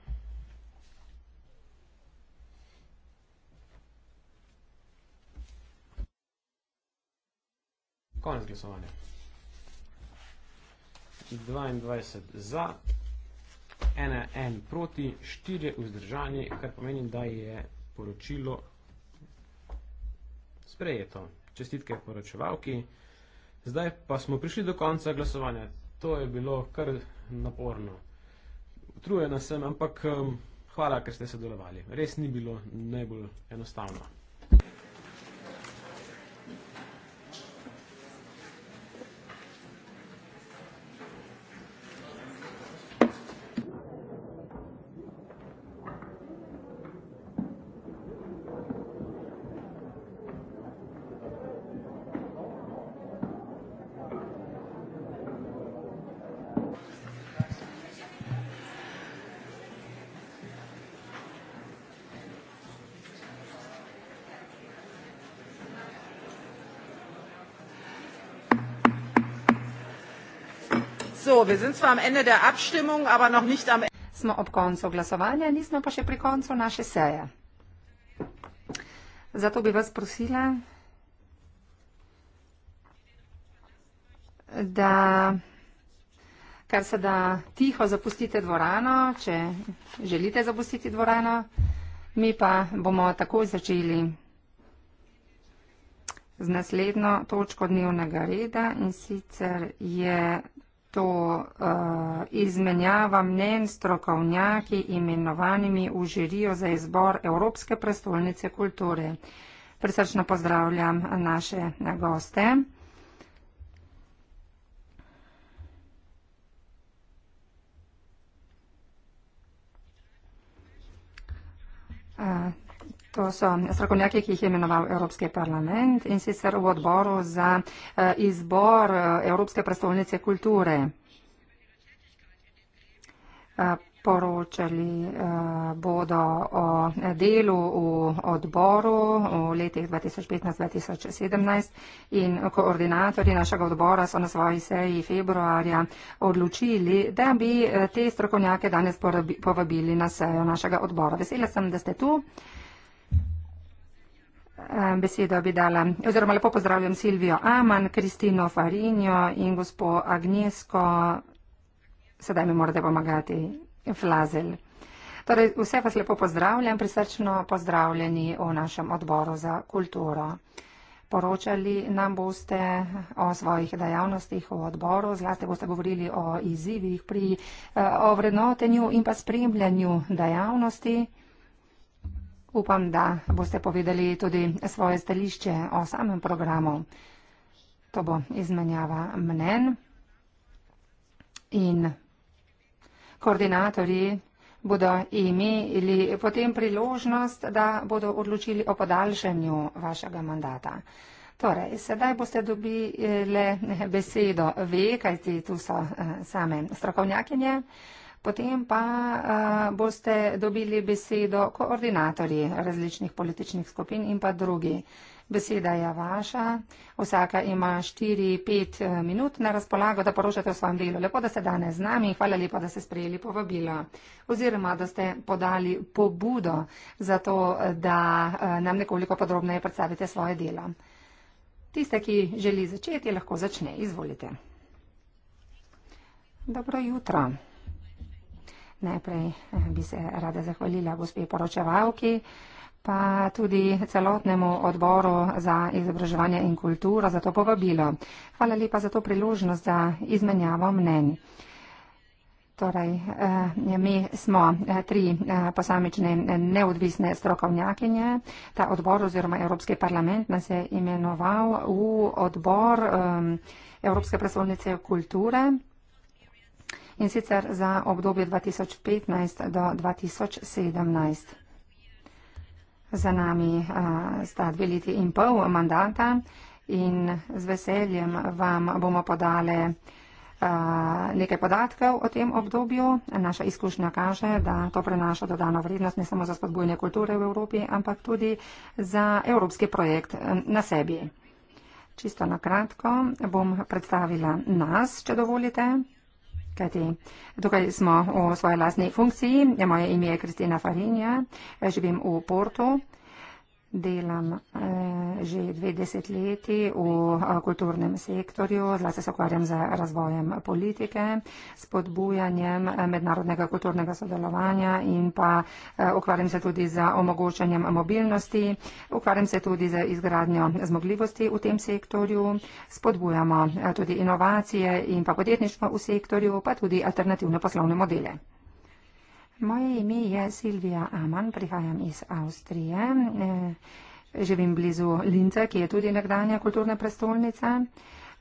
Konec glasovanja. 22 za, 1 proti, 4 vzdržani, kar pomeni, da je poročilo Sprejeto. Čestitke poročevalki. Zdaj pa smo prišli do konca glasovanja. To je bilo kar naporno. Trujena sem, ampak ehm, hvala, ker ste sodelovali. Res ni bilo najbolj enostavno. Wir sind zwar am Ende der Abstimmung, aber noch nicht am Ende. Smo ob koncu glasovanja, nismo pa še pri koncu naše seje. Zato bi vas prosila, da kar se da tiho zapustite dvorano, če želite zapustiti dvorano. Mi pa bomo tako začeli z naslednjo točko dnevnega reda in sicer je to uh, izmenjava mnen strokovnjaki imenovanimi v žirijo za izbor Evropske prestolnice kulture. Prisrčno pozdravljam naše goste. Uh, To so strokovnjaki, ki jih je imenoval Evropski parlament in sicer v odboru za eh, izbor eh, Evropske predstavnice kulture. Eh, poročali bodo o delu v odboru v letih 2015-2017 in koordinatorji našega odbora so na svoji seji februarja odločili, da bi te strokovnjake danes povabili na sejo našega odbora. Vesela sem, da ste tu besedo bi dala. Oziroma lepo pozdravljam Silvijo Aman, Kristino Farinjo in gospo Agnesko. Sedaj mi morate pomagati. Flazel. Torej, vse vas lepo pozdravljam, prisrčno pozdravljeni v našem odboru za kulturo. Poročali nam boste o svojih dejavnostih v odboru, zlasti boste govorili o izzivih pri eh, ovrednotenju in pa spremljanju dejavnosti. Upam, da boste povedali tudi svoje stališče o samem programu. To bo izmenjava mnen in koordinatorji bodo imeli potem priložnost, da bodo odločili o podaljšanju vašega mandata. Torej, sedaj boste dobili besedo ve, kajti tu so eh, same strokovnjakinje potem pa uh, boste dobili besedo koordinatorji različnih političnih skupin in pa drugi. Beseda je vaša, vsaka ima 4-5 eh, minut na razpolago, da poročate o svojem delu. Lepo, da ste danes z nami in hvala lepa, da ste sprejeli povabilo oziroma da ste podali pobudo za to, eh, da nam nekoliko podrobneje predstavite svoje delo. Tiste, ki želi začeti, lahko začne. Izvolite. Dobro jutro. Najprej eh, bi se rada zahvalila gospe poročevalki, pa tudi celotnemu odboru za izobraževanje in kulturo za to povabilo. Hvala lepa za to priložnost za izmenjavo mnenj. Torej, eh, mi smo eh, tri posamične neodvisne strokovnjakinje. Ta odbor oziroma Evropski parlament nas je imenoval v odbor Evropske predstavnice kulture in sicer za obdobje 2015 do 2017. Za nami uh, sta dve leti in pol mandata in z veseljem vam bomo podale uh, nekaj podatkov o tem obdobju. Naša izkušnja kaže, da to prenaša dodano vrednost ne samo za spodbujanje kulture v Evropi, ampak tudi za evropski projekt e, na sebi. Čisto na kratko bom predstavila nas, če dovolite. Kajti, tukaj smo v svoji lastni funkciji. Moje ime je Kristina Farinja, živim v Portu. Delam eh, že dve desetletji v eh, kulturnem sektorju, zlasti se ukvarjam z razvojem politike, spodbujanjem eh, mednarodnega kulturnega sodelovanja in pa eh, ukvarjam se tudi z omogočanjem mobilnosti, ukvarjam se tudi z izgradnjo zmogljivosti v tem sektorju, spodbujamo eh, tudi inovacije in pa podjetništvo v sektorju, pa tudi alternativne poslovne modele. Moje ime je Silvija Aman, prihajam iz Avstrije. Eh, živim blizu Lince, ki je tudi nekdanja kulturna prestolnica.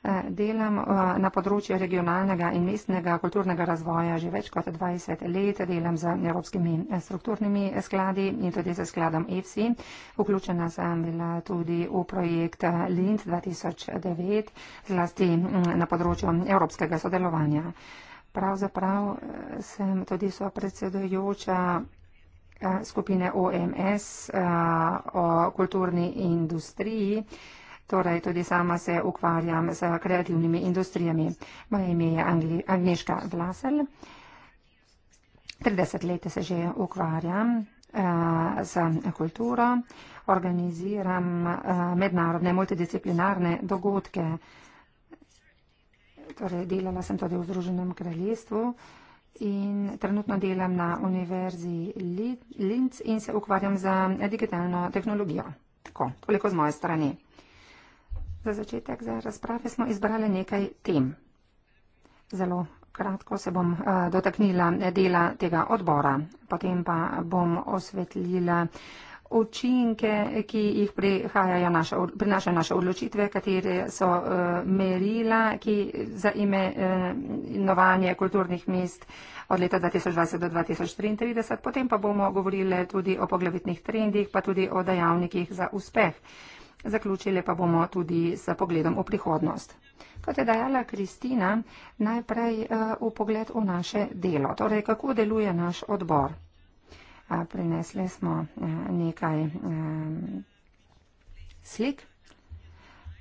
Eh, delam eh, na področju regionalnega in mestnega kulturnega razvoja že več kot 20 let. Delam z evropskimi strukturnimi skladi in tudi z skladom EFSI. Vključena sem bila tudi v projekt Lint 2009, zlasti mm, na področju evropskega sodelovanja. Pravzaprav eh, sem tudi so predsedujoča eh, skupine OMS eh, o kulturni industriji, torej tudi sama se ukvarjam z kreativnimi industrijami. Moje ime je Agneška Vlasel. 30 let se že ukvarjam z kulturo, organiziram mednarodne multidisciplinarne dogodke torej delala sem tudi v Združenem kraljestvu in trenutno delam na univerzi Linz in se ukvarjam za digitalno tehnologijo. Tako, toliko z moje strani. Za začetek za razprave smo izbrali nekaj tem. Zelo kratko se bom eh, dotaknila dela tega odbora, potem pa bom osvetlila učinke, ki jih naša, prinaša naše odločitve, katere so uh, merila, ki za ime uh, eh, inovanje kulturnih mest od leta 2020 do 2033. Potem pa bomo govorili tudi o poglavitnih trendih, pa tudi o dejavnikih za uspeh. Zaključili pa bomo tudi s pogledom v prihodnost. Kot je dajala Kristina, najprej uh, v pogled v naše delo, torej kako deluje naš odbor prinesli smo eh, nekaj eh, slik.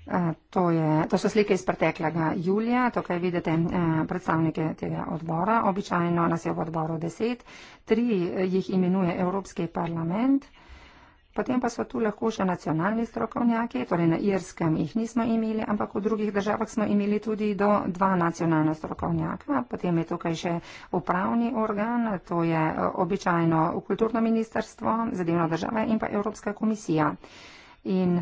Eh, to, je, to so slike iz preteklega julija. Tukaj vidite predstavnike tega odbora. Običajno nas je v odboru deset. Tri jih imenuje Evropski parlament. Potem pa so tu lahko še nacionalni strokovnjaki, torej na Irskem jih nismo imeli, ampak v drugih državah smo imeli tudi do dva nacionalna strokovnjaka. Potem je tukaj še upravni organ, to je eh, običajno kulturno ministerstvo, zadevna država in pa Evropska komisija. In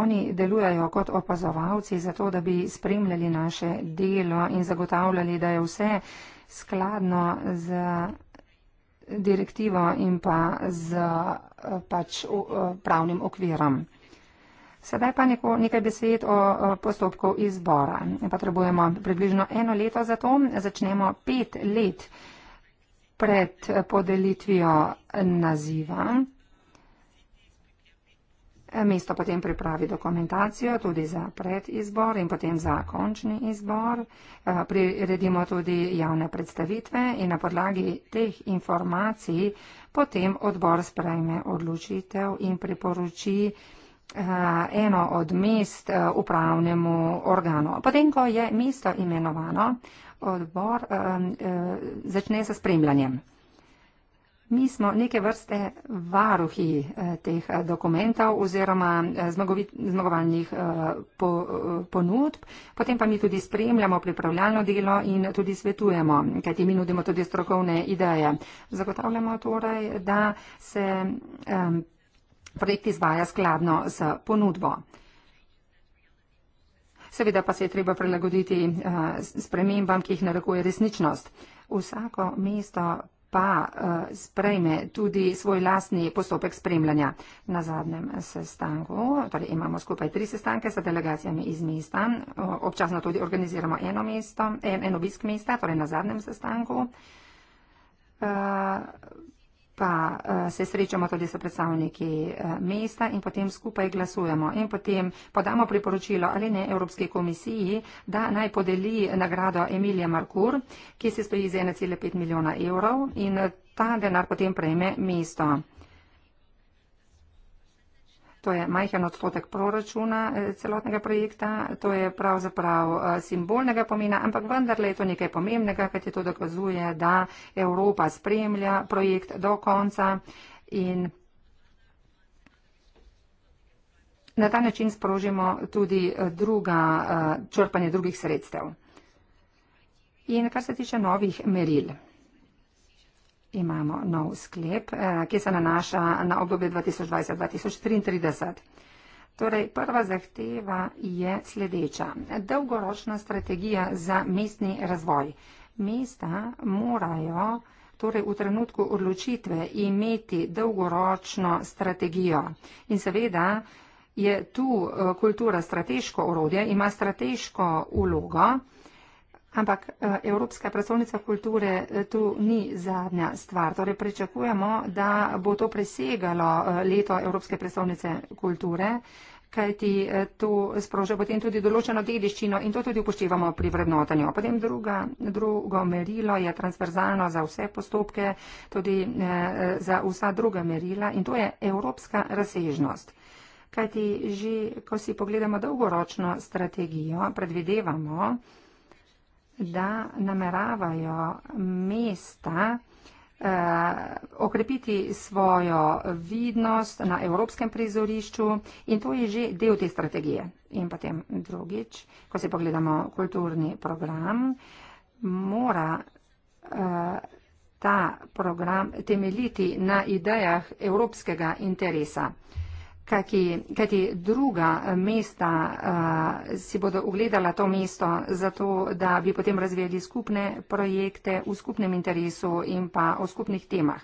oni delujejo kot opazovalci za to, da bi spremljali naše delo in zagotavljali, da je vse skladno z direktivo in pa z eh, pač, eh, pravnim okvirom. Sedaj pa neko, nekaj besed o eh, postopku izbora. Potrebujemo približno eno leto za to. Začnemo pet let pred podelitvijo naziva. E, mesto potem pripravi dokumentacijo tudi za predizbor in potem za končni izbor. E, priredimo tudi javne predstavitve in na podlagi teh informacij potem odbor sprejme odločitev in priporoči e, eno od mest upravnemu organu. Potem, ko je mesto imenovano, odbor začne s spremljanjem. Mi smo neke vrste varuhi eh, teh eh, dokumentov oziroma eh, zmagovalnih ponudb, potem pa mi tudi spremljamo pripravljalno delo in tudi svetujemo, kajti mi nudimo tudi strokovne ideje. Zagotavljamo torej, da se projekt izvaja skladno z ponudbo. Seveda pa se je treba prilagoditi spremembam, ki jih narekuje resničnost. Vsako mesto pa uh, sprejme tudi svoj lastni postopek spremljanja. Na zadnjem sestanku, torej imamo skupaj tri sestanke s delegacijami iz mesta, občasno tudi organiziramo eno mesto, en, en obisk mesta, torej na zadnjem sestanku. Uh, pa uh, se srečamo tudi s predstavniki uh, mesta in potem skupaj glasujemo in potem podamo priporočilo ali ne Evropski komisiji, da naj podeli nagrado Emilija Markur, ki se stoji za 1,5 milijona evrov in eh, ta denar potem prejme mesto. To je majhen odstotek proračuna eh, celotnega projekta, to je pravzaprav eh, simbolnega pomena, ampak vendarle je to nekaj pomembnega, kajti to dokazuje, da Evropa spremlja projekt do konca in na ta način sprožimo tudi eh, druga, črpanje drugih sredstev. In kar se tiče novih meril imamo nov sklep, eh, ki se nanaša na obdobje 2020-2033. Torej, prva zahteva je sledeča. Dolgoročna strategija za mestni razvoj. Mesta morajo torej v trenutku odločitve imeti dolgoročno strategijo. In seveda je tu eh, kultura strateško urodje, ima strateško ulogo. Ampak eh, Evropska predstavnica kulture eh, tu ni zadnja stvar. Torej pričakujemo, da bo to presegalo eh, leto Evropske predstavnice kulture, kajti to sproža potem tudi določeno dediščino in to tudi upoštevamo pri vrednotanju. Potem druga, drugo merilo je transverzalno za vse postopke, tudi za vsa druga merila in to je evropska razsežnost. Kajti že, ko si pogledamo dolgoročno strategijo, predvidevamo, da nameravajo mesta eh, okrepiti svojo vidnost na evropskem prizorišču in to je že del te strategije. In potem drugič, ko se pogledamo kulturni program, mora eh, ta program temeljiti na idejah evropskega interesa. Eh, Kajti, kajti druga eh, mesta uh, si bodo ogledala to mesto zato, da bi potem razvijali skupne projekte v skupnem interesu in pa o skupnih temah.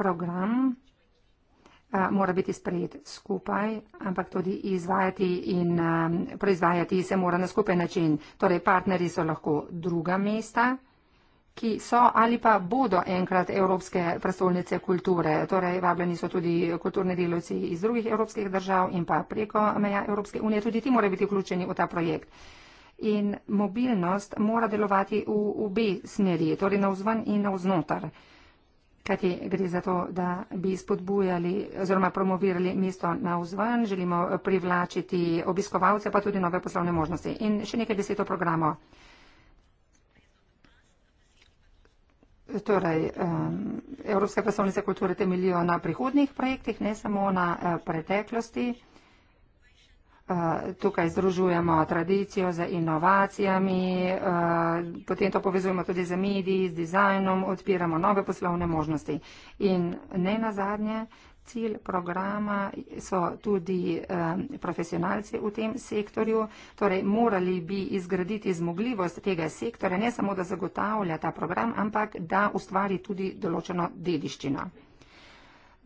Program uh, mora biti sprejet skupaj, ampak tudi izvajati in uh, proizvajati se mora na skupen način. Torej partneri so lahko druga mesta ki so ali pa bodo enkrat Evropske prestolnice kulture. Torej, vabljeni so tudi kulturni deloci iz drugih evropskih držav in pa preko meja Evropske unije. Tudi ti morajo biti vključeni v ta projekt. In mobilnost mora delovati v obe smeri, torej navzven in navznotar. Kajti gre za to, da bi spodbujali oziroma promovirali mesto navzven, želimo privlačiti obiskovalce, pa tudi nove poslovne možnosti. In še nekaj besed o programu. Torej, um, Evropska predstavnica kulture temeljijo na prihodnih projektih, ne samo na uh, preteklosti. Uh, tukaj združujemo tradicijo z inovacijami, uh, potem to povezujemo tudi z mediji, z dizajnom, odpiramo nove poslovne možnosti. In ne nazadnje, uh, cilj programa so tudi um, profesionalci v tem sektorju, torej morali bi izgraditi zmogljivost tega sektora, ne samo da zagotavlja ta program, ampak da ustvari tudi določeno dediščino.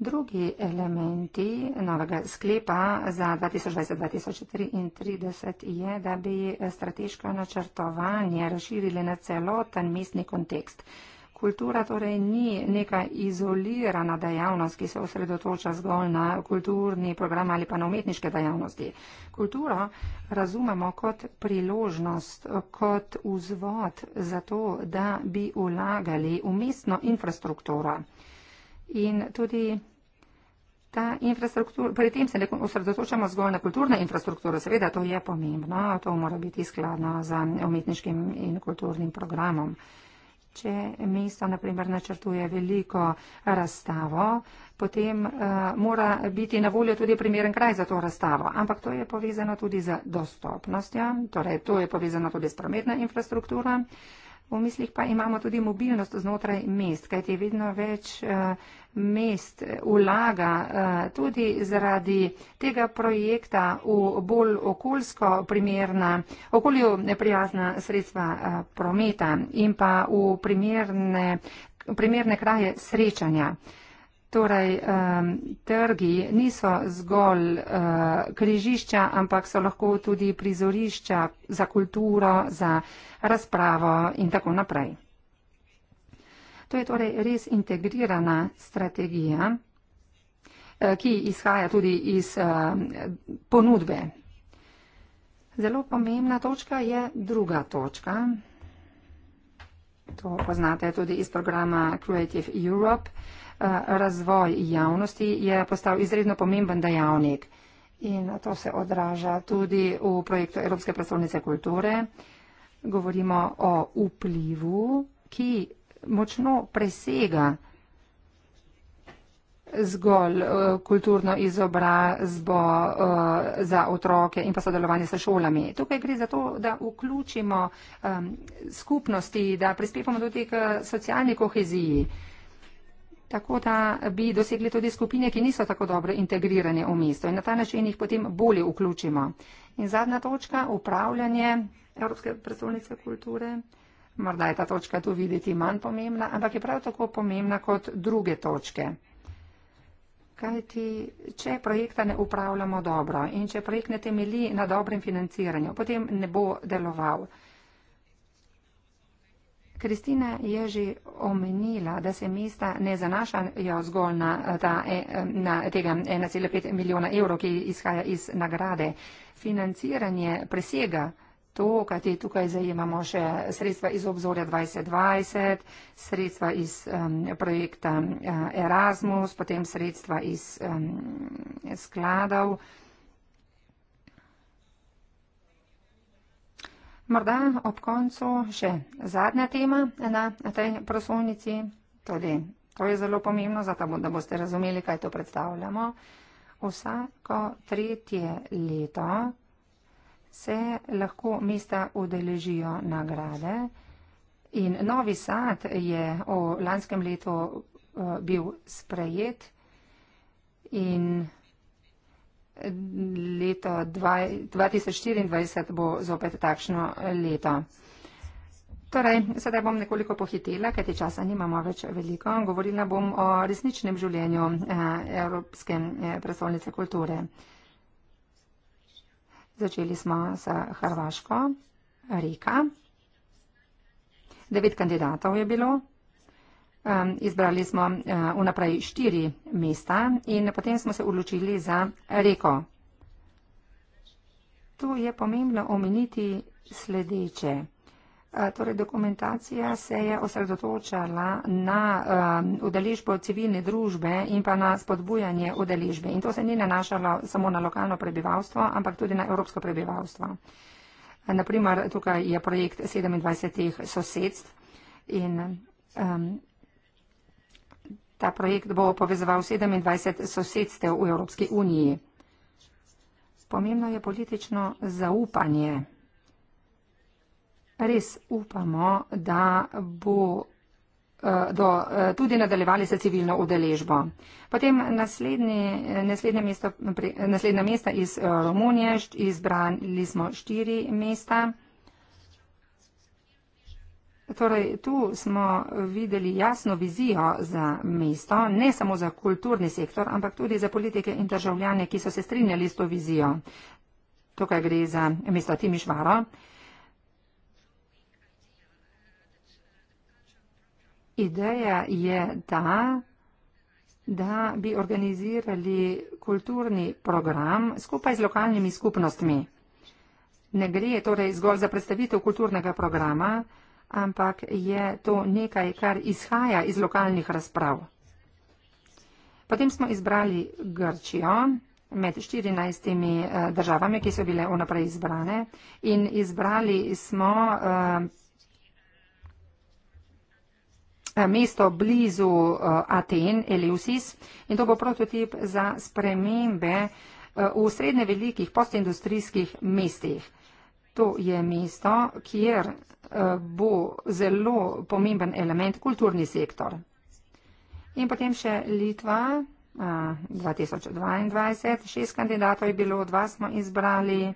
Drugi elementi novega sklepa za 2020-2030 je, da bi strateško načrtovanje razširili na celoten mestni kontekst. Kultura torej ni neka izolirana dejavnost, ki se osredotoča zgolj na kulturni program ali pa na umetniške dejavnosti. Kulturo razumemo kot priložnost, kot vzvod za to, da bi ulagali v mestno infrastrukturo. In tudi ta infrastruktura, pri tem se ne osredotočamo zgolj na kulturno infrastrukturo, seveda to je pomembno, to mora biti skladno z umetniškim in kulturnim programom. Če mesto, na primer, načrtuje veliko razstavo, potem uh, mora biti na voljo tudi primeren kraj za to razstavo. Ampak to je povezano tudi z dostopnostjo, torej to je povezano tudi s prometno infrastrukturo. Uh, V mislih pa imamo tudi mobilnost znotraj mest, kajti vedno več eh, mest ulaga eh, tudi zaradi tega projekta v bolj okoljsko primerna, okolju neprijazna sredstva eh, prometa in pa v primerne, primerne kraje srečanja. Torej, um, trgi niso zgolj uh, križišča, ampak so lahko tudi prizorišča za kulturo, za razpravo in tako naprej. To je torej res integrirana strategija, eh, ki izhaja tudi iz uh, ponudbe. Zelo pomembna točka je druga točka. To poznate tudi iz programa Creative Europe razvoj javnosti je postal izredno pomemben dejavnik in to se odraža tudi v projektu Evropske predstavnice kulture. Govorimo o vplivu, ki močno presega zgolj e, kulturno izobrazbo e, za otroke in pa sodelovanje s šolami. Tukaj gre za to, da vključimo e, skupnosti, da prispevamo tudi k socialni koheziji tako da bi dosegli tudi skupine, ki niso tako dobro integrirane v mesto in na ta način jih potem bolje vključimo. In zadnja točka, upravljanje Evropske predstavnice kulture. Morda je ta točka tu videti manj pomembna, ampak je prav tako pomembna kot druge točke. Kaj ti, če projekta ne upravljamo dobro in če projekt ne temelji na dobrem financiranju, potem ne bo deloval. Kristina je že omenila, da se mesta ne zanašajo zgolj na, ta, e, na tega 1,5 milijona evrov, ki izhaja iz nagrade. Financiranje presega to, kajti tukaj zajemamo še sredstva iz obzorja 2020, sredstva iz um, projekta Erasmus, potem sredstva iz um, skladov. Morda ob koncu še zadnja tema na tej prosovnici, tudi to je zelo pomembno, zato da boste razumeli, kaj to predstavljamo. Vsako tretje leto se lahko mesta udeležijo nagrade in novi sad je v lanskem letu eh, bil sprejet in leto 2024 bo zopet takšno leto. Torej, sedaj bom nekoliko pohitela, ker te časa nimamo več veliko. Govorila bom o resničnem življenju eh, Evropske eh, predstavnice kulture. Začeli smo s Hrvaško, Rika. Devet kandidatov je bilo. Um, izbrali smo uh, vnaprej štiri mesta in potem smo se odločili za reko. Tu je pomembno omeniti sledeče. Eh, torej, dokumentacija se je osredotočala na um, udeležbo civilne družbe in pa na spodbujanje udeležbe. In to se ni nanašalo samo na lokalno prebivalstvo, ampak tudi na evropsko prebivalstvo. Eh, Naprimer, tukaj je projekt 27 sosedstv in um, Ta projekt bo povezoval 27 sosedstev v Evropski uniji. Pomembno je politično zaupanje. Res upamo, da bo eh, do, eh, tudi nadaljevali se civilno udeležbo. Potem naslednje, naslednje, mesto, naslednje mesta iz eh, Romunije, izbrali smo štiri mesta. Torej, tu smo videli jasno vizijo za mesto, ne samo za kulturni sektor, ampak tudi za politike in državljane, ki so se strinjali s to vizijo. Tukaj gre za mesto Timišvaro. Ideja je ta, da bi organizirali kulturni program skupaj z lokalnimi skupnostmi. Ne gre torej zgolj za predstavitev kulturnega programa, ampak je to nekaj, kar izhaja iz lokalnih razprav. Potem smo izbrali Grčijo med 14 eh, državami, ki so bile vnaprej izbrane in izbrali smo eh, eh, mesto blizu Aten, Eleusis, in to bo prototip za spremembe v srednje velikih postindustrijskih mestih. To je mesto, kjer bo zelo pomemben element kulturni sektor. In potem še Litva. 2022, šest kandidatov je bilo, dva smo izbrali,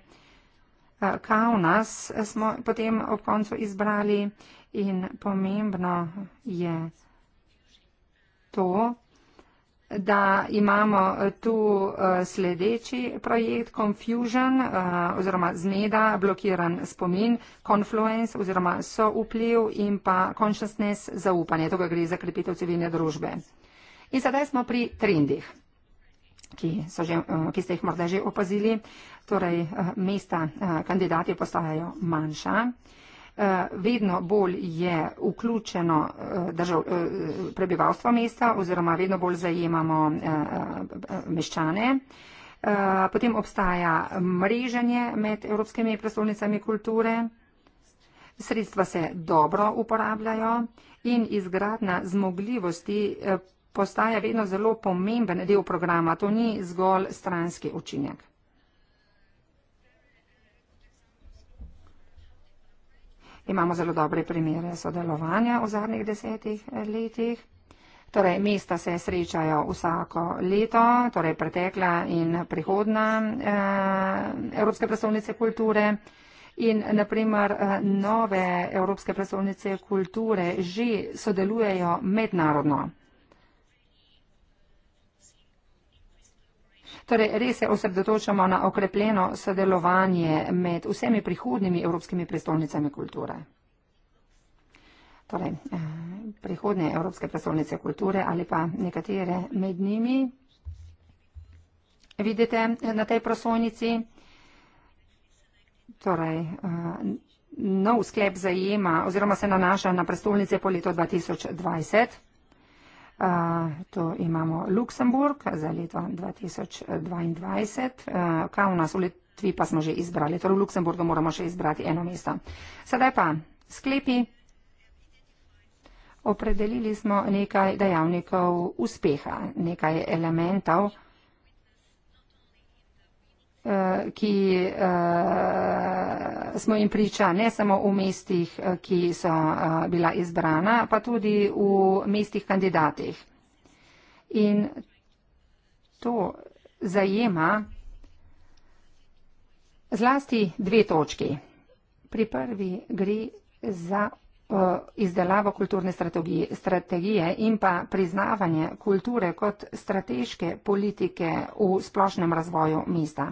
Kaunas smo potem ob koncu izbrali in pomembno je to, da imamo eh, tu eh, sledeči projekt Confusion eh, oziroma zmeda, blokiran spomin, confluence oziroma soupliv in pa consciousness zaupanje. Tukaj gre za krepitev civilne družbe. In sedaj smo pri trendih, ki, že, ki ste jih morda že opazili. Torej, mesta kandidati postajajo manjša. Eh, vedno bolj je vključeno eh, držav, eh, prebivalstvo mesta oziroma vedno bolj zajemamo meščane. Potem obstaja mreženje med evropskimi predstavnicami kulture. Sredstva se dobro uporabljajo in izgradna zmogljivosti postaja vedno zelo pomemben del programa. To ni zgolj stranski učinek. Imamo zelo dobre primere sodelovanja v zadnjih desetih eh, letih. Torej, mesta se srečajo vsako leto, torej pretekla in prihodna eh, Evropske predstavnice kulture. In, naprimer, eh, nove Evropske predstavnice kulture že sodelujejo mednarodno. Torej, res se osredotočamo na okrepljeno sodelovanje med vsemi prihodnimi evropskimi prestolnicami kulture. Torej, eh, prihodne evropske prestolnice kulture ali pa nekatere med njimi vidite eh, na tej prosojnici. Torej, eh, nov sklep zajema oziroma se nanaša na prestolnice po leto 2020 to imamo Luksemburg za leto 2022, kaj v nas v Litvi pa smo že izbrali, torej v Luksemburgu moramo še izbrati eno mesto. Sedaj pa sklepi. Opredelili smo nekaj dejavnikov uspeha, nekaj elementov, Eh, ki eh, smo jim priča ne samo v mestih, eh, ki so bila izbrana, pa tudi v mestih kandidatih. In to zajema zlasti dve točki. Pri prvi gre za Eh, izdelavo kulturne strategije in pa priznavanje kulture kot strateške politike v splošnem razvoju mesta.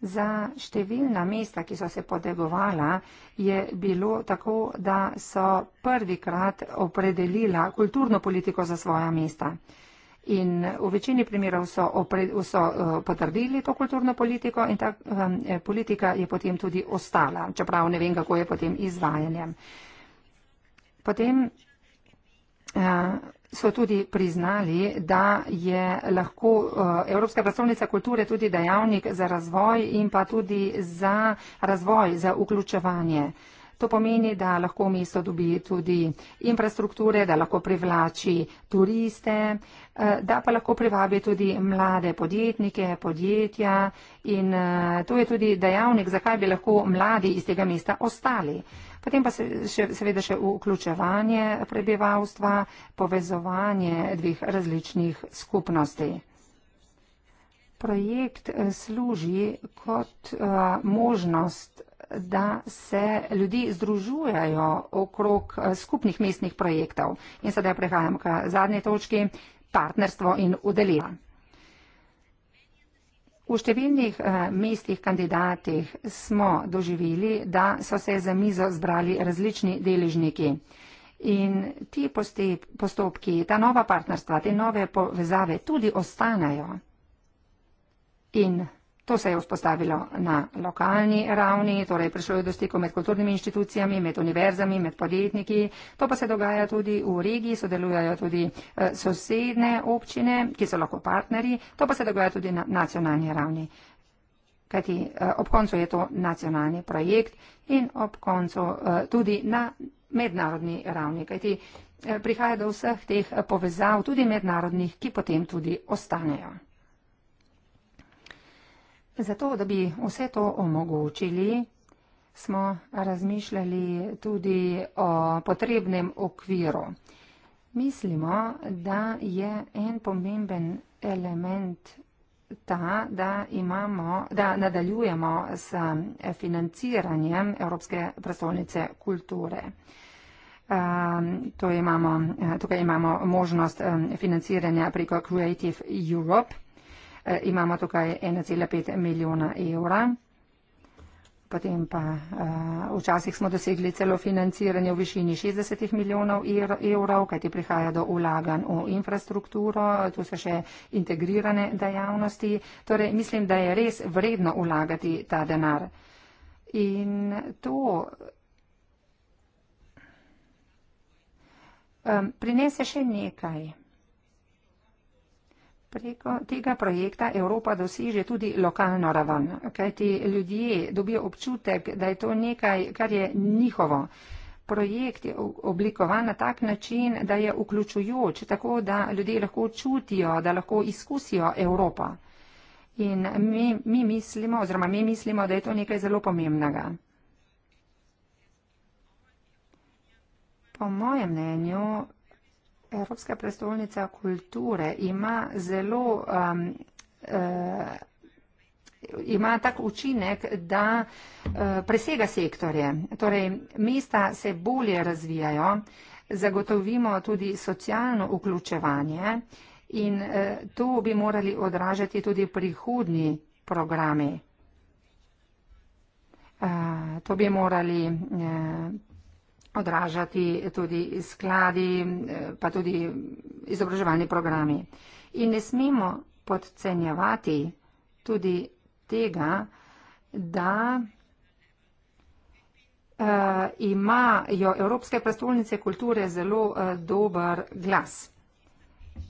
Za številna mesta, ki so se podegovala, je bilo tako, da so prvikrat opredelila kulturno politiko za svoja mesta. In v večini primerov so, opred, so eh, potrdili to kulturno politiko in ta um, politika je potem tudi ostala, čeprav ne vem, kako je potem izvajanjem. Uh, Potem eh, so tudi priznali, da je lahko eh, Evropska prestolnica kulture tudi dejavnik za razvoj in pa tudi za razvoj, za vključevanje. To pomeni, da lahko mesto dobi tudi infrastrukture, da lahko privlači turiste, eh, da pa lahko privabi tudi mlade podjetnike, podjetja in to je tudi dejavnik, zakaj bi lahko mladi iz tega mesta ostali. Potem pa se, še, seveda še vključevanje prebivalstva, povezovanje dveh različnih skupnosti. Projekt eh, služi kot uh, možnost, da se ljudi združujajo okrog eh, skupnih mestnih projektov. In sedaj prehajam k zadnji točki, partnerstvo in udeleva. V številnih eh, mestih kandidatih smo doživeli, da so se za mizo zbrali različni deležniki. In ti postopki, ta nova partnerstva, te nove povezave tudi ostanejo. In To se je vzpostavilo na lokalni ravni, torej prišlo je do stikov med kulturnimi inštitucijami, med univerzami, med podjetniki. To pa se dogaja tudi v regiji, sodelujajo tudi eh, sosedne občine, ki so lahko partneri. To pa se dogaja tudi na nacionalni ravni. Kajti eh, ob koncu je to nacionalni projekt in ob koncu eh, tudi na mednarodni ravni. Kajti prihaja do vseh teh povezav, tudi mednarodnih, ki potem tudi ostanejo. Zato, da bi vse to omogočili, smo razmišljali tudi o potrebnem okviru. Mislimo, da je en pomemben element ta, da, imamo, da nadaljujemo s financiranjem Evropske prestolnice kulture. Um, tukaj imamo možnost um, financiranja preko Creative Europe Eh, imamo tukaj 1,5 milijona evra. Potem pa eh, včasih smo dosegli celo financiranje v višini 60 milijonov evrov, kajti prihaja do ulagan v infrastrukturo, tu so še integrirane dejavnosti. Torej, mislim, da je res vredno ulagati ta denar. In to eh, prinese še nekaj. Preko tega projekta Evropa doseže tudi lokalno raven, kajti ljudje dobijo občutek, da je to nekaj, kar je njihovo. Projekt je oblikovan na tak način, da je vključujoč, tako da ljudje lahko čutijo, da lahko izkusijo Evropo. In mi, mi mislimo, oziroma mi mislimo, da je to nekaj zelo pomembnega. Po mojem mnenju Evropska prestolnica kulture ima zelo. Um, uh, ima tak učinek, da eh, presega sektorje. Torej, mesta se bolje razvijajo, zagotovimo tudi socialno vključevanje in eh, to bi morali odražati tudi prihodni programi. To bi morali odražati tudi skladi, eh, pa tudi izobraževalni programi. In ne smemo podcenjevati tudi tega, da uh, imajo Evropske prestolnice kulture zelo uh, dober glas.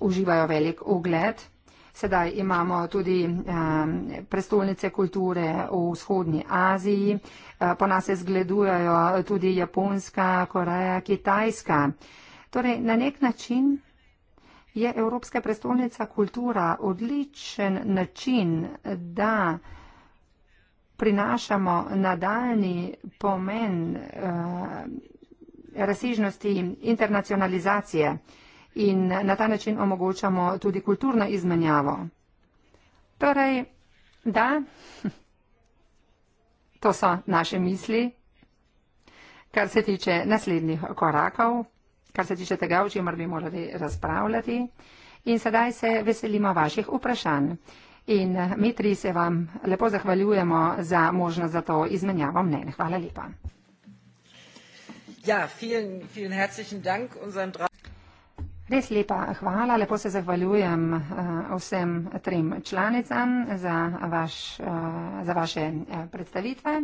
Uživajo velik ugled Sedaj imamo tudi um, prestolnice kulture v vzhodnji Aziji, eh, po nas se zgledujajo tudi Japonska, Koreja, Kitajska. Torej, na nek način je Evropska prestolnica kultura odličen način, da prinašamo nadaljni pomen uh, razsežnosti internacionalizacije. Uh, in na ta način omogočamo tudi kulturno izmenjavo. Torej, da, (laughs) to so naše misli, kar se tiče naslednjih korakov, kar se tiče tega, o čemer bi morali razpravljati. In sedaj se veselimo vaših vprašanj. In mi tri se vam lepo zahvaljujemo za možnost za to izmenjavo mnen. Hvala lepa. Ja, vielen, vielen Res lepa hvala, lepo se zahvaljujem eh, vsem trem članicam za, vaš, eh, za vaše eh, predstavitve.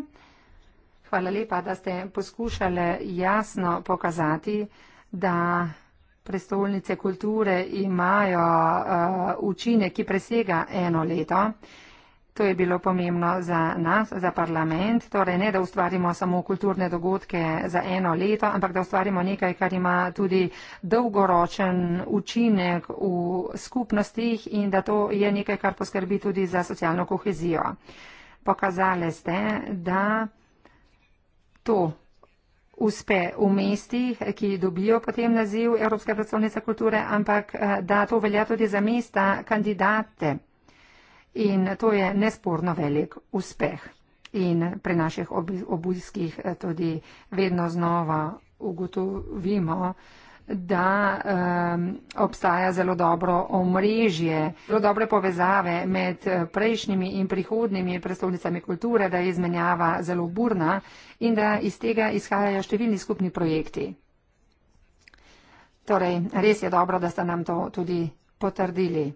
Hvala lepa, da ste poskušali jasno pokazati, da prestolnice kulture imajo učinek, ki presega eno leto. To je bilo pomembno za nas, za parlament, torej ne, da ustvarimo samo kulturne dogodke za eno leto, ampak da ustvarimo nekaj, kar ima tudi dolgoročen učinek v skupnostih in da to je nekaj, kar poskrbi tudi za socialno kohezijo. Pokazali ste, da to uspe v mestih, ki dobijo potem naziv Evropska predstavnica kulture, ampak eh, da to velja tudi za mesta kandidate. In to je nesporno velik uspeh. In pri naših obiskih eh, tudi vedno znova ugotovimo, da um, obstaja zelo dobro omrežje, zelo dobre povezave med eh, prejšnjimi in prihodnimi prestolnicami kulture, da je izmenjava zelo burna in da iz tega izhajajo številni skupni projekti. Torej, res je dobro, da ste nam to tudi potrdili.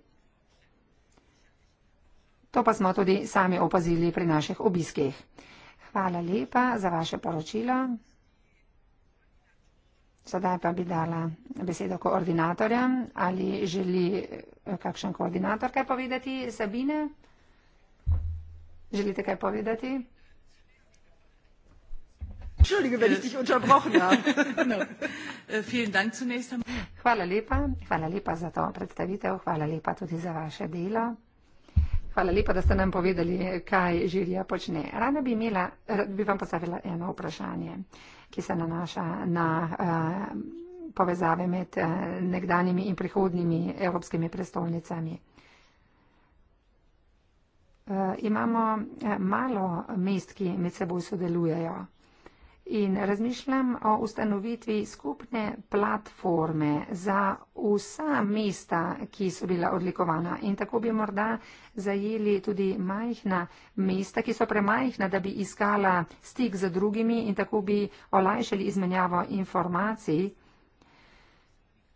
To pa smo tudi sami opazili pri naših obiskih. Hvala lepa za vaše poročilo. Sedaj pa bi dala besedo koordinatorja. Ali želi eh, kakšen koordinator kaj povedati? Sabine, želite kaj povedati? No. Äh, Hvala lepa. Hvala lepa za to predstavitev. Hvala lepa tudi za vaše delo. Hvala lepa, da ste nam povedali, kaj žirija počne. Rada bi, imela, bi vam postavila eno vprašanje, ki se nanaša na uh, povezave med uh, nekdanjimi in prihodnimi evropskimi prestolnicami. Uh, imamo uh, malo mest, ki med seboj sodelujejo in razmišljam o ustanovitvi skupne platforme za vsa mesta, ki so bila odlikovana. In tako bi morda zajeli tudi majhna mesta, ki so premajhna, da bi iskala stik z drugimi in tako bi olajšali izmenjavo informacij.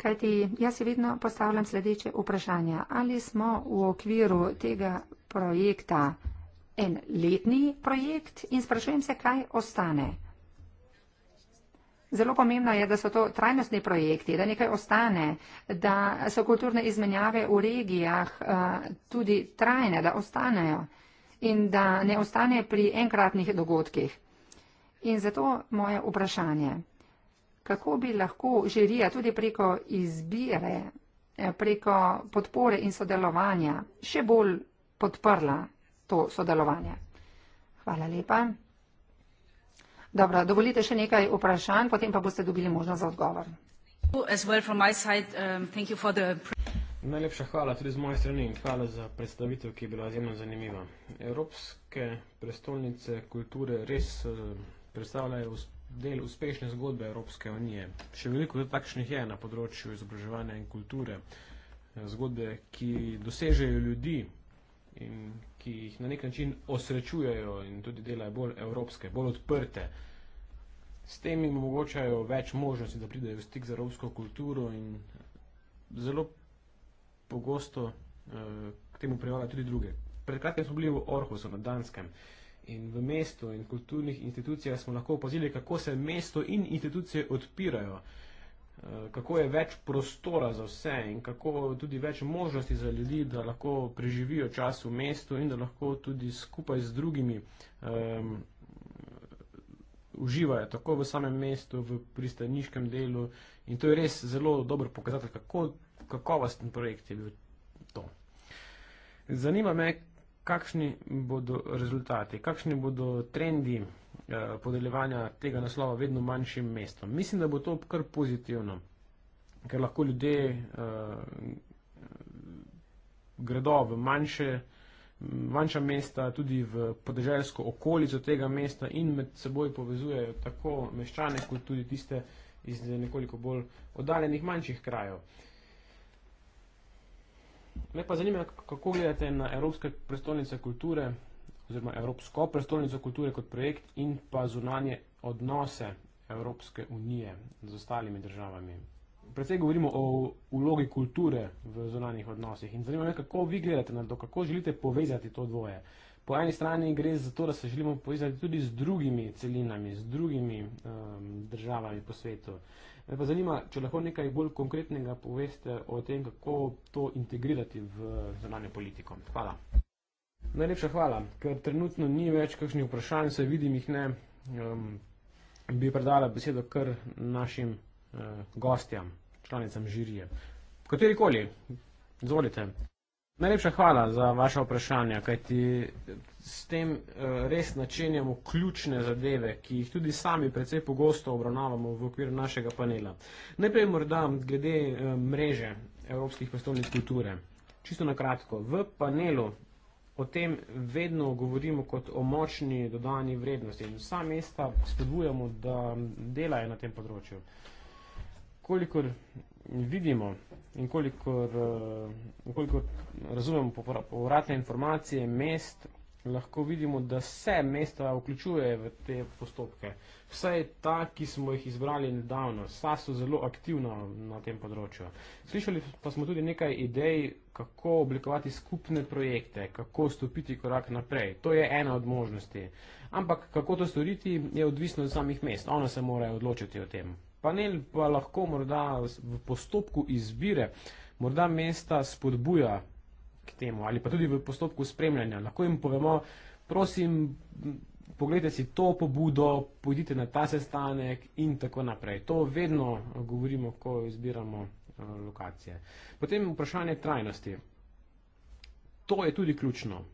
Kajti jaz si vedno postavljam sledeče vprašanje. Ali smo v okviru tega projekta en letni projekt in sprašujem se, kaj ostane? Zelo pomembno je, da so to trajnostni projekti, da nekaj ostane, da so kulturne izmenjave v regijah eh, tudi trajne, da ostanejo in da ne ostane pri enkratnih dogodkih. In zato moje vprašanje, kako bi lahko žirija tudi preko izbire, eh, preko podpore in sodelovanja še bolj podprla to sodelovanje. Hvala lepa. Dobro, dovolite še nekaj vprašanj, potem pa boste dobili možnost za odgovor. Um, Najlepša hvala tudi z moje strani in hvala za predstavitev, ki je bila izjemno zanimiva. Evropske prestolnice kulture res eh, predstavljajo del uspešne zgodbe Evropske unije. Še veliko takšnih je na področju izobraževanja in kulture. Eh, zgodbe, ki dosežejo ljudi in ki jih na nek način osrečujejo in tudi delajo bolj evropske, bolj odprte. S tem jim omogočajo več možnosti, da pridejo v stik z evropsko kulturo in eh, zelo pogosto eh, k temu privajajo tudi druge. Pred kratkem smo bili v Orhusu na Danskem in v mestu in kulturnih institucijah smo lahko opazili, kako se mesto in institucije odpirajo. Eh, kako je več prostora za vse in kako tudi več možnosti za ljudi, da lahko preživijo čas v mestu in da lahko tudi skupaj z drugimi um, uživajo tako v samem mestu, v pristaniškem delu in to je res zelo dober pokazatelj, kako kakovosten projekt je bil to. Zanima me, kakšni bodo rezultati, kakšni bodo trendi. Eh, podeljevanja tega naslova vedno manjšim mestom. Mislim, da bo to kar pozitivno, ker lahko ljudje uh, gredo v manjše, manjša mesta, tudi v podeželjsko okolico tega mesta in med seboj povezujejo tako meščane, kot tudi tiste iz nekoliko bolj oddaljenih manjših krajev. Me pa zanima, kako gledate na Evropske prestolnice kulture oziroma Evropsko prestolnico kulture kot projekt in pa zunanje odnose Evropske unije z ostalimi državami. Predvsej govorimo o ulogi kulture v zunanjih odnosih in zanima me, kako vi gledate na to, kako želite povezati to dvoje. Po eni strani gre za to, da se želimo povezati tudi z drugimi celinami, z drugimi um, državami po svetu. Me pa zanima, če lahko nekaj bolj konkretnega poveste o tem, kako to integrirati v zunanjo politiko. Hvala. Najlepša hvala, ker trenutno ni več kakšnih vprašanj, se vidim jih ne, um, bi predala besedo kar našim uh, gostjam, članicam žirije. Katerikoli, izvolite. Najlepša hvala za vaše vprašanje, kajti eh, s tem eh, res načenjamo ključne zadeve, ki jih tudi sami precej pogosto obravnavamo v okviru našega panela. Najprej morda glede mreže Evropskih prestolnic kulture. Čisto na kratko. V panelu o tem vedno govorimo kot o močni dodani vrednosti in vsa mesta spodbujamo, da delajo na tem področju. Kolikor vidimo in kolikor, eh, kolikor razumemo povratne informacije mest, lahko vidimo, da se mesta vključuje v te postopke. Vse je ta, ki smo jih izbrali nedavno. Vsa so zelo aktivna na tem področju. Slišali pa smo tudi nekaj idej, kako oblikovati skupne projekte, kako stopiti korak naprej. To je ena od možnosti. Ampak kako to storiti, je odvisno od samih mest. Ona se mora odločiti o tem. Panel pa lahko morda v postopku izbire, morda mesta spodbuja k temu, ali pa tudi v postopku spremljanja. Lahko jim povemo, prosim, pogledajte si to pobudo, pojdite na ta sestanek in tako naprej. To vedno govorimo, ko izbiramo eh, lokacije. Potem vprašanje trajnosti. To je tudi ključno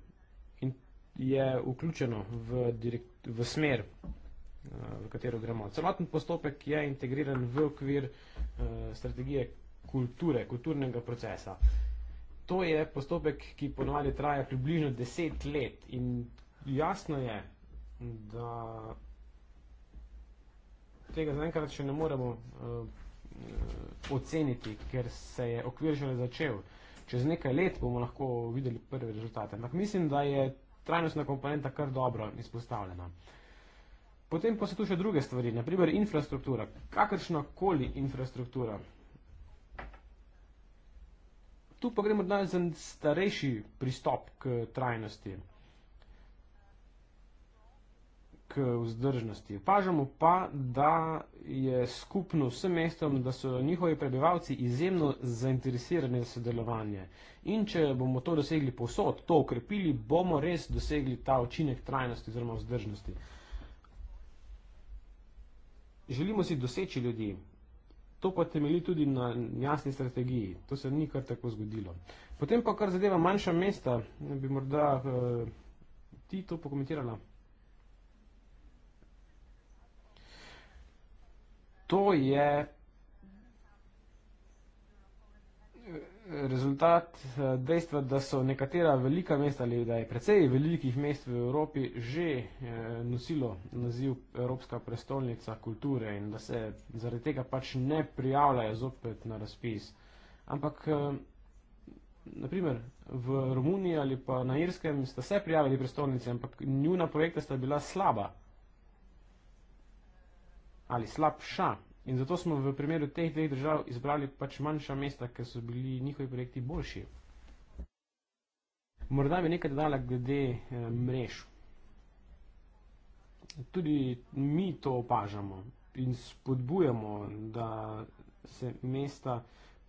in je vključeno v, direkt, v smer, eh, v katero gremo. Celoten postopek je integriran v okvir eh, strategije kulture, kulturnega procesa to je postopek, ki ponovadi traja približno deset let in jasno je, da tega zaenkrat še ne moremo uh, oceniti, ker se je okvir šele začel. Čez nekaj let bomo lahko videli prve rezultate. Ampak mislim, da je trajnostna komponenta kar dobro izpostavljena. Potem pa so tu še druge stvari, naprimer infrastruktura, kakršna koli infrastruktura, tu pa gremo danes za starejši pristop k trajnosti, k vzdržnosti. Pažamo pa, da je skupno vsem mestom, da so njihovi prebivalci izjemno zainteresirani za sodelovanje. In če bomo to dosegli posod, to ukrepili, bomo res dosegli ta učinek trajnosti oziroma vzdržnosti. Želimo si doseči ljudi, to pa temelji tudi na jasni strategiji. To se ni kar tako zgodilo. Potem pa kar zadeva manjša mesta, bi morda eh, ti to pokomentirala. To je rezultat eh, dejstva, da so nekatera velika mesta ali da je precej velikih mest v Evropi že eh, nosilo naziv Evropska prestolnica kulture in da se zaradi tega pač ne prijavljajo zopet na razpis. Ampak eh, naprimer v Romuniji ali pa na Irskem sta se prijavili prestolnice, ampak njuna projekta sta bila slaba ali slabša. In zato smo v primeru teh dveh držav izbrali pač manjša mesta, ker so bili njihovi projekti boljši. Morda bi nekaj dodala glede eh, mrež. Tudi mi to opažamo in spodbujamo, da se mesta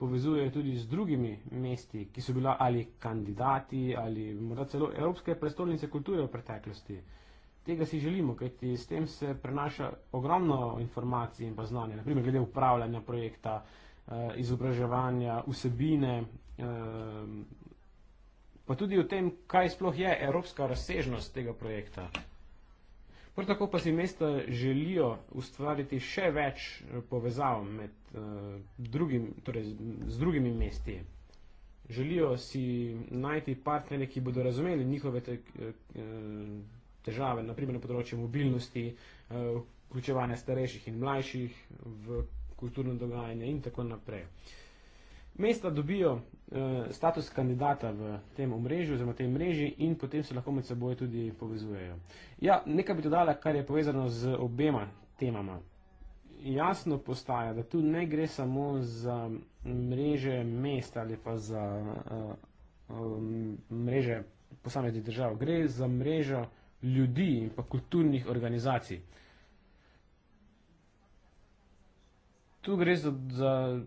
povezujejo tudi z drugimi mesti, ki so bila ali kandidati ali morda celo evropske prestolnice kulture v preteklosti. Uh, tega si želimo, kajti s tem se prenaša ogromno informacij in pa znanja, naprimer glede upravljanja projekta, eh, izobraževanja, vsebine, eh, pa tudi o tem, kaj sploh je evropska razsežnost tega projekta. Prav tako pa si mesta želijo ustvariti še več eh, povezav med drugim, torej z drugimi mesti. Želijo si najti partnere, ki bodo razumeli njihove te, eh, težave, naprimer na področju mobilnosti, eh, vključevanja starejših in mlajših v kulturno dogajanje in tako naprej. Mesta dobijo eh, status kandidata v tem omrežju oziroma tem mreži in potem se lahko med seboj tudi povezujejo. Ja, nekaj bi dodala, kar je povezano z obema temama. Jasno postaja, da tu ne gre samo za mreže mest ali pa za uh, um, mreže posameznih držav. Gre za mrežo uh, ljudi in pa kulturnih organizacij. Tu gre za, za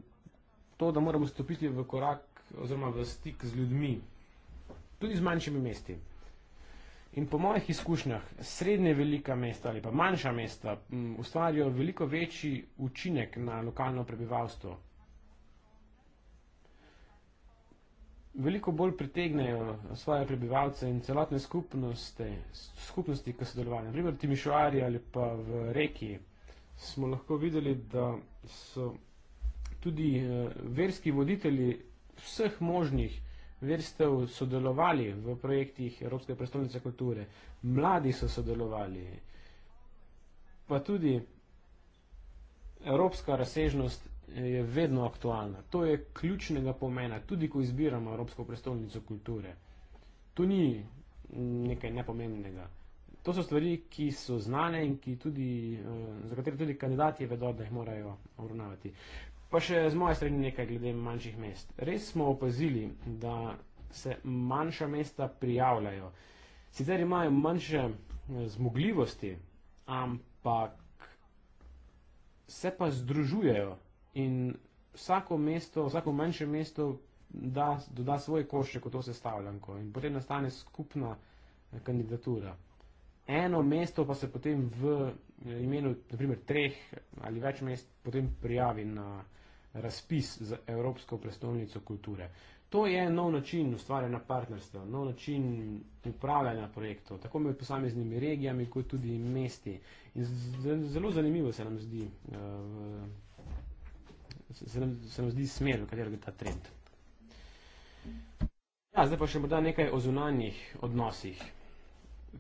to, da moramo stopiti v korak oziroma v stik z ljudmi, tudi z manjšimi mesti. In po mojih izkušnjah, srednje velika mesta ali pa manjša mesta ustvarjajo veliko večji učinek na lokalno prebivalstvo. veliko bolj pritegnejo svoje prebivalce in celotne skupnosti, skupnosti k sodelovanju. Naprimer, v Timišuari ali pa v Reki smo lahko videli, da so tudi eh, verski voditelji vseh možnih verstev sodelovali v projektih Evropske predstavnice kulture. Mladi so sodelovali, pa tudi evropska razsežnost je vedno aktualna. To je ključnega pomena, tudi ko izbiramo Evropsko prestolnico kulture. To ni nekaj nepomembnega. To so stvari, ki so znane in tudi, eh, za katere tudi kandidati vedo, da jih morajo obravnavati. Pa še z moje strani nekaj glede manjših mest. Res smo opazili, da se manjša mesta prijavljajo. Sicer imajo manjše eh, zmogljivosti, ampak se pa združujejo in vsako mesto, vsako manjše mesto da, doda svoj košček v to sestavljanko in potem nastane skupna eh, kandidatura. Eno mesto pa se potem v eh, imenu naprimer, treh ali več mest potem prijavi na razpis za Evropsko prestolnico kulture. To je nov način ustvarjanja partnerstva, nov način upravljanja projektov, tako med posameznimi regijami, kot tudi mesti. In zelo zanimivo se nam zdi uh, se nam, se nam zdi smer, v katero gre ta trend. Ja, zdaj pa še morda nekaj o zunanjih odnosih.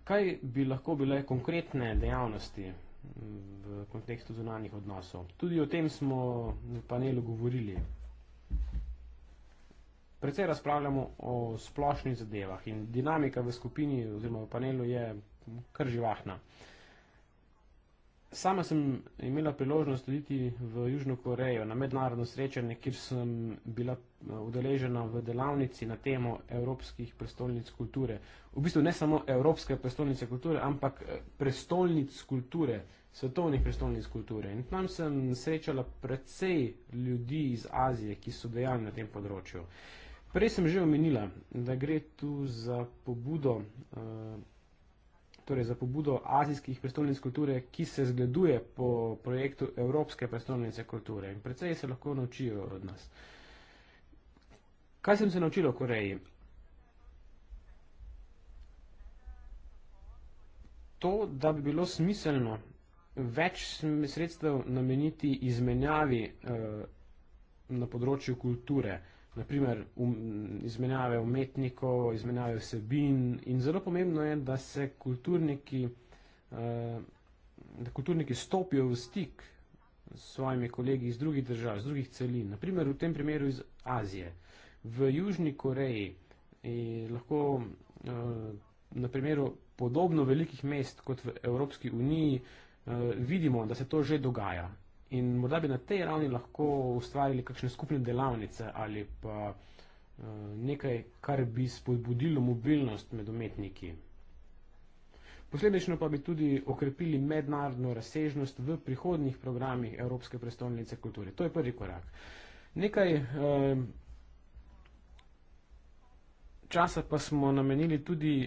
Kaj bi lahko bile konkretne dejavnosti v kontekstu zunanjih odnosov? Tudi o tem smo v panelu govorili. Predvsej razpravljamo o splošnih zadevah in dinamika v skupini oziroma v panelu je kar živahna. Uh, Sama sem imela priložnost oditi v Južno Korejo na mednarodno srečanje, kjer sem bila eh, udeležena v delavnici na temo evropskih prestolnic kulture. V bistvu ne samo evropske prestolnice kulture, ampak eh, prestolnic kulture, svetovnih prestolnic kulture. In tam sem srečala precej ljudi iz Azije, ki so dejali na tem področju. Prej sem že omenila, da gre tu za pobudo. Uh, torej za pobudo azijskih prestolnic kulture, ki se zgleduje po projektu Evropske prestolnice kulture. In precej se lahko naučijo od nas. Kaj sem se naučil o Koreji? To, da bi bilo smiselno več sredstev nameniti izmenjavi eh, na področju kulture naprimer um, izmenjave umetnikov, izmenjave vsebin in zelo pomembno je, da se kulturniki, uh, da kulturniki stopijo v stik s svojimi kolegi iz drugih držav, iz drugih celin, naprimer v tem primeru iz Azije. V Južni Koreji lahko uh, na primeru podobno velikih mest kot v Evropski uniji uh, vidimo, da se to že dogaja. In morda bi na tej ravni lahko ustvarili kakšne skupne delavnice ali pa eh, nekaj, kar bi spodbudilo mobilnost med umetniki. Posledično pa bi tudi okrepili mednarodno razsežnost v prihodnih programih Evropske predstavnice kulture. To je prvi korak. Nekaj eh, časa pa smo namenili tudi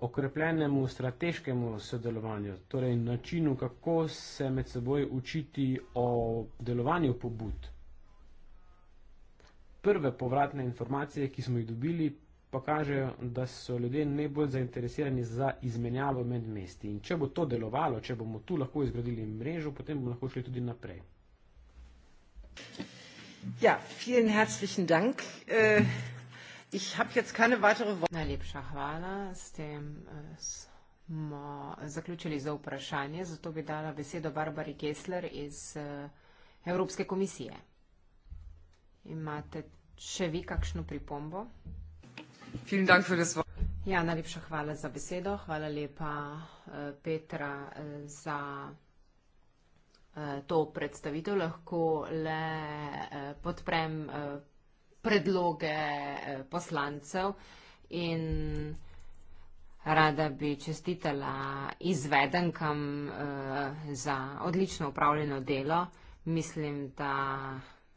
okrepljenemu strateškemu sodelovanju, torej načinu, kako se med seboj učiti o delovanju pobud. Prve povratne informacije, ki smo jih dobili, pa kažejo, da so ljudje najbolj zainteresirani za izmenjavo med mesti. In če bo to delovalo, če bomo tu lahko izgradili mrežo, potem bomo lahko šli tudi naprej. Ja, vielen herzlichen Dank. Uh... Ich habe jetzt keine weitere Worte. Najlepša hvala. S tem eh, smo zaključili za vprašanje, zato bi dala besedo Barbari Kessler iz eh, Evropske komisije. Imate še vi kakšno pripombo? Ja, najlepša hvala za besedo. Hvala lepa eh, Petra za to predstavitev. Lahko le podprem predstavitev predloge eh, poslancev in rada bi čestitala izvedenkam eh, za odlično upravljeno delo. Mislim, da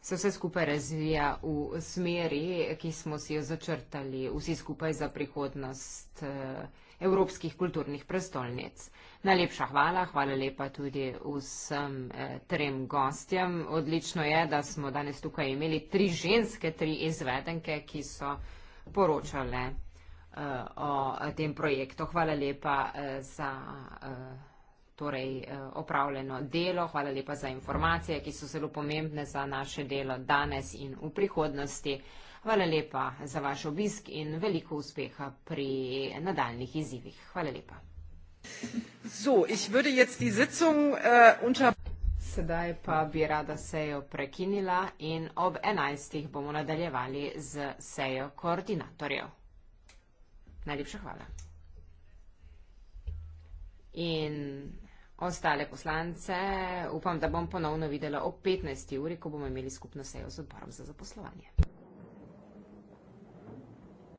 se vse skupaj razvija v smeri, ki smo si jo začrtali vsi skupaj za prihodnost. Eh, evropskih kulturnih prestolnic. Najlepša hvala, hvala lepa tudi vsem eh, trem gostjem. Odlično je, da smo danes tukaj imeli tri ženske, tri izvedenke, ki so poročale eh, o tem projektu. Hvala lepa eh, za eh, torej, eh, opravljeno delo, hvala lepa za informacije, ki so zelo pomembne za naše delo danes in v prihodnosti. Hvala lepa za vaš obisk in veliko uspeha pri nadaljnih izzivih. Hvala lepa. So, ich würde jetzt die Sitzung uh, unter. Sedaj pa bi rada sejo prekinila in ob 11. bomo nadaljevali z sejo koordinatorjev. Najlepša hvala. In ostale poslance upam, da bom ponovno videla ob 15. uri, ko bomo imeli skupno sejo z odborom za zaposlovanje.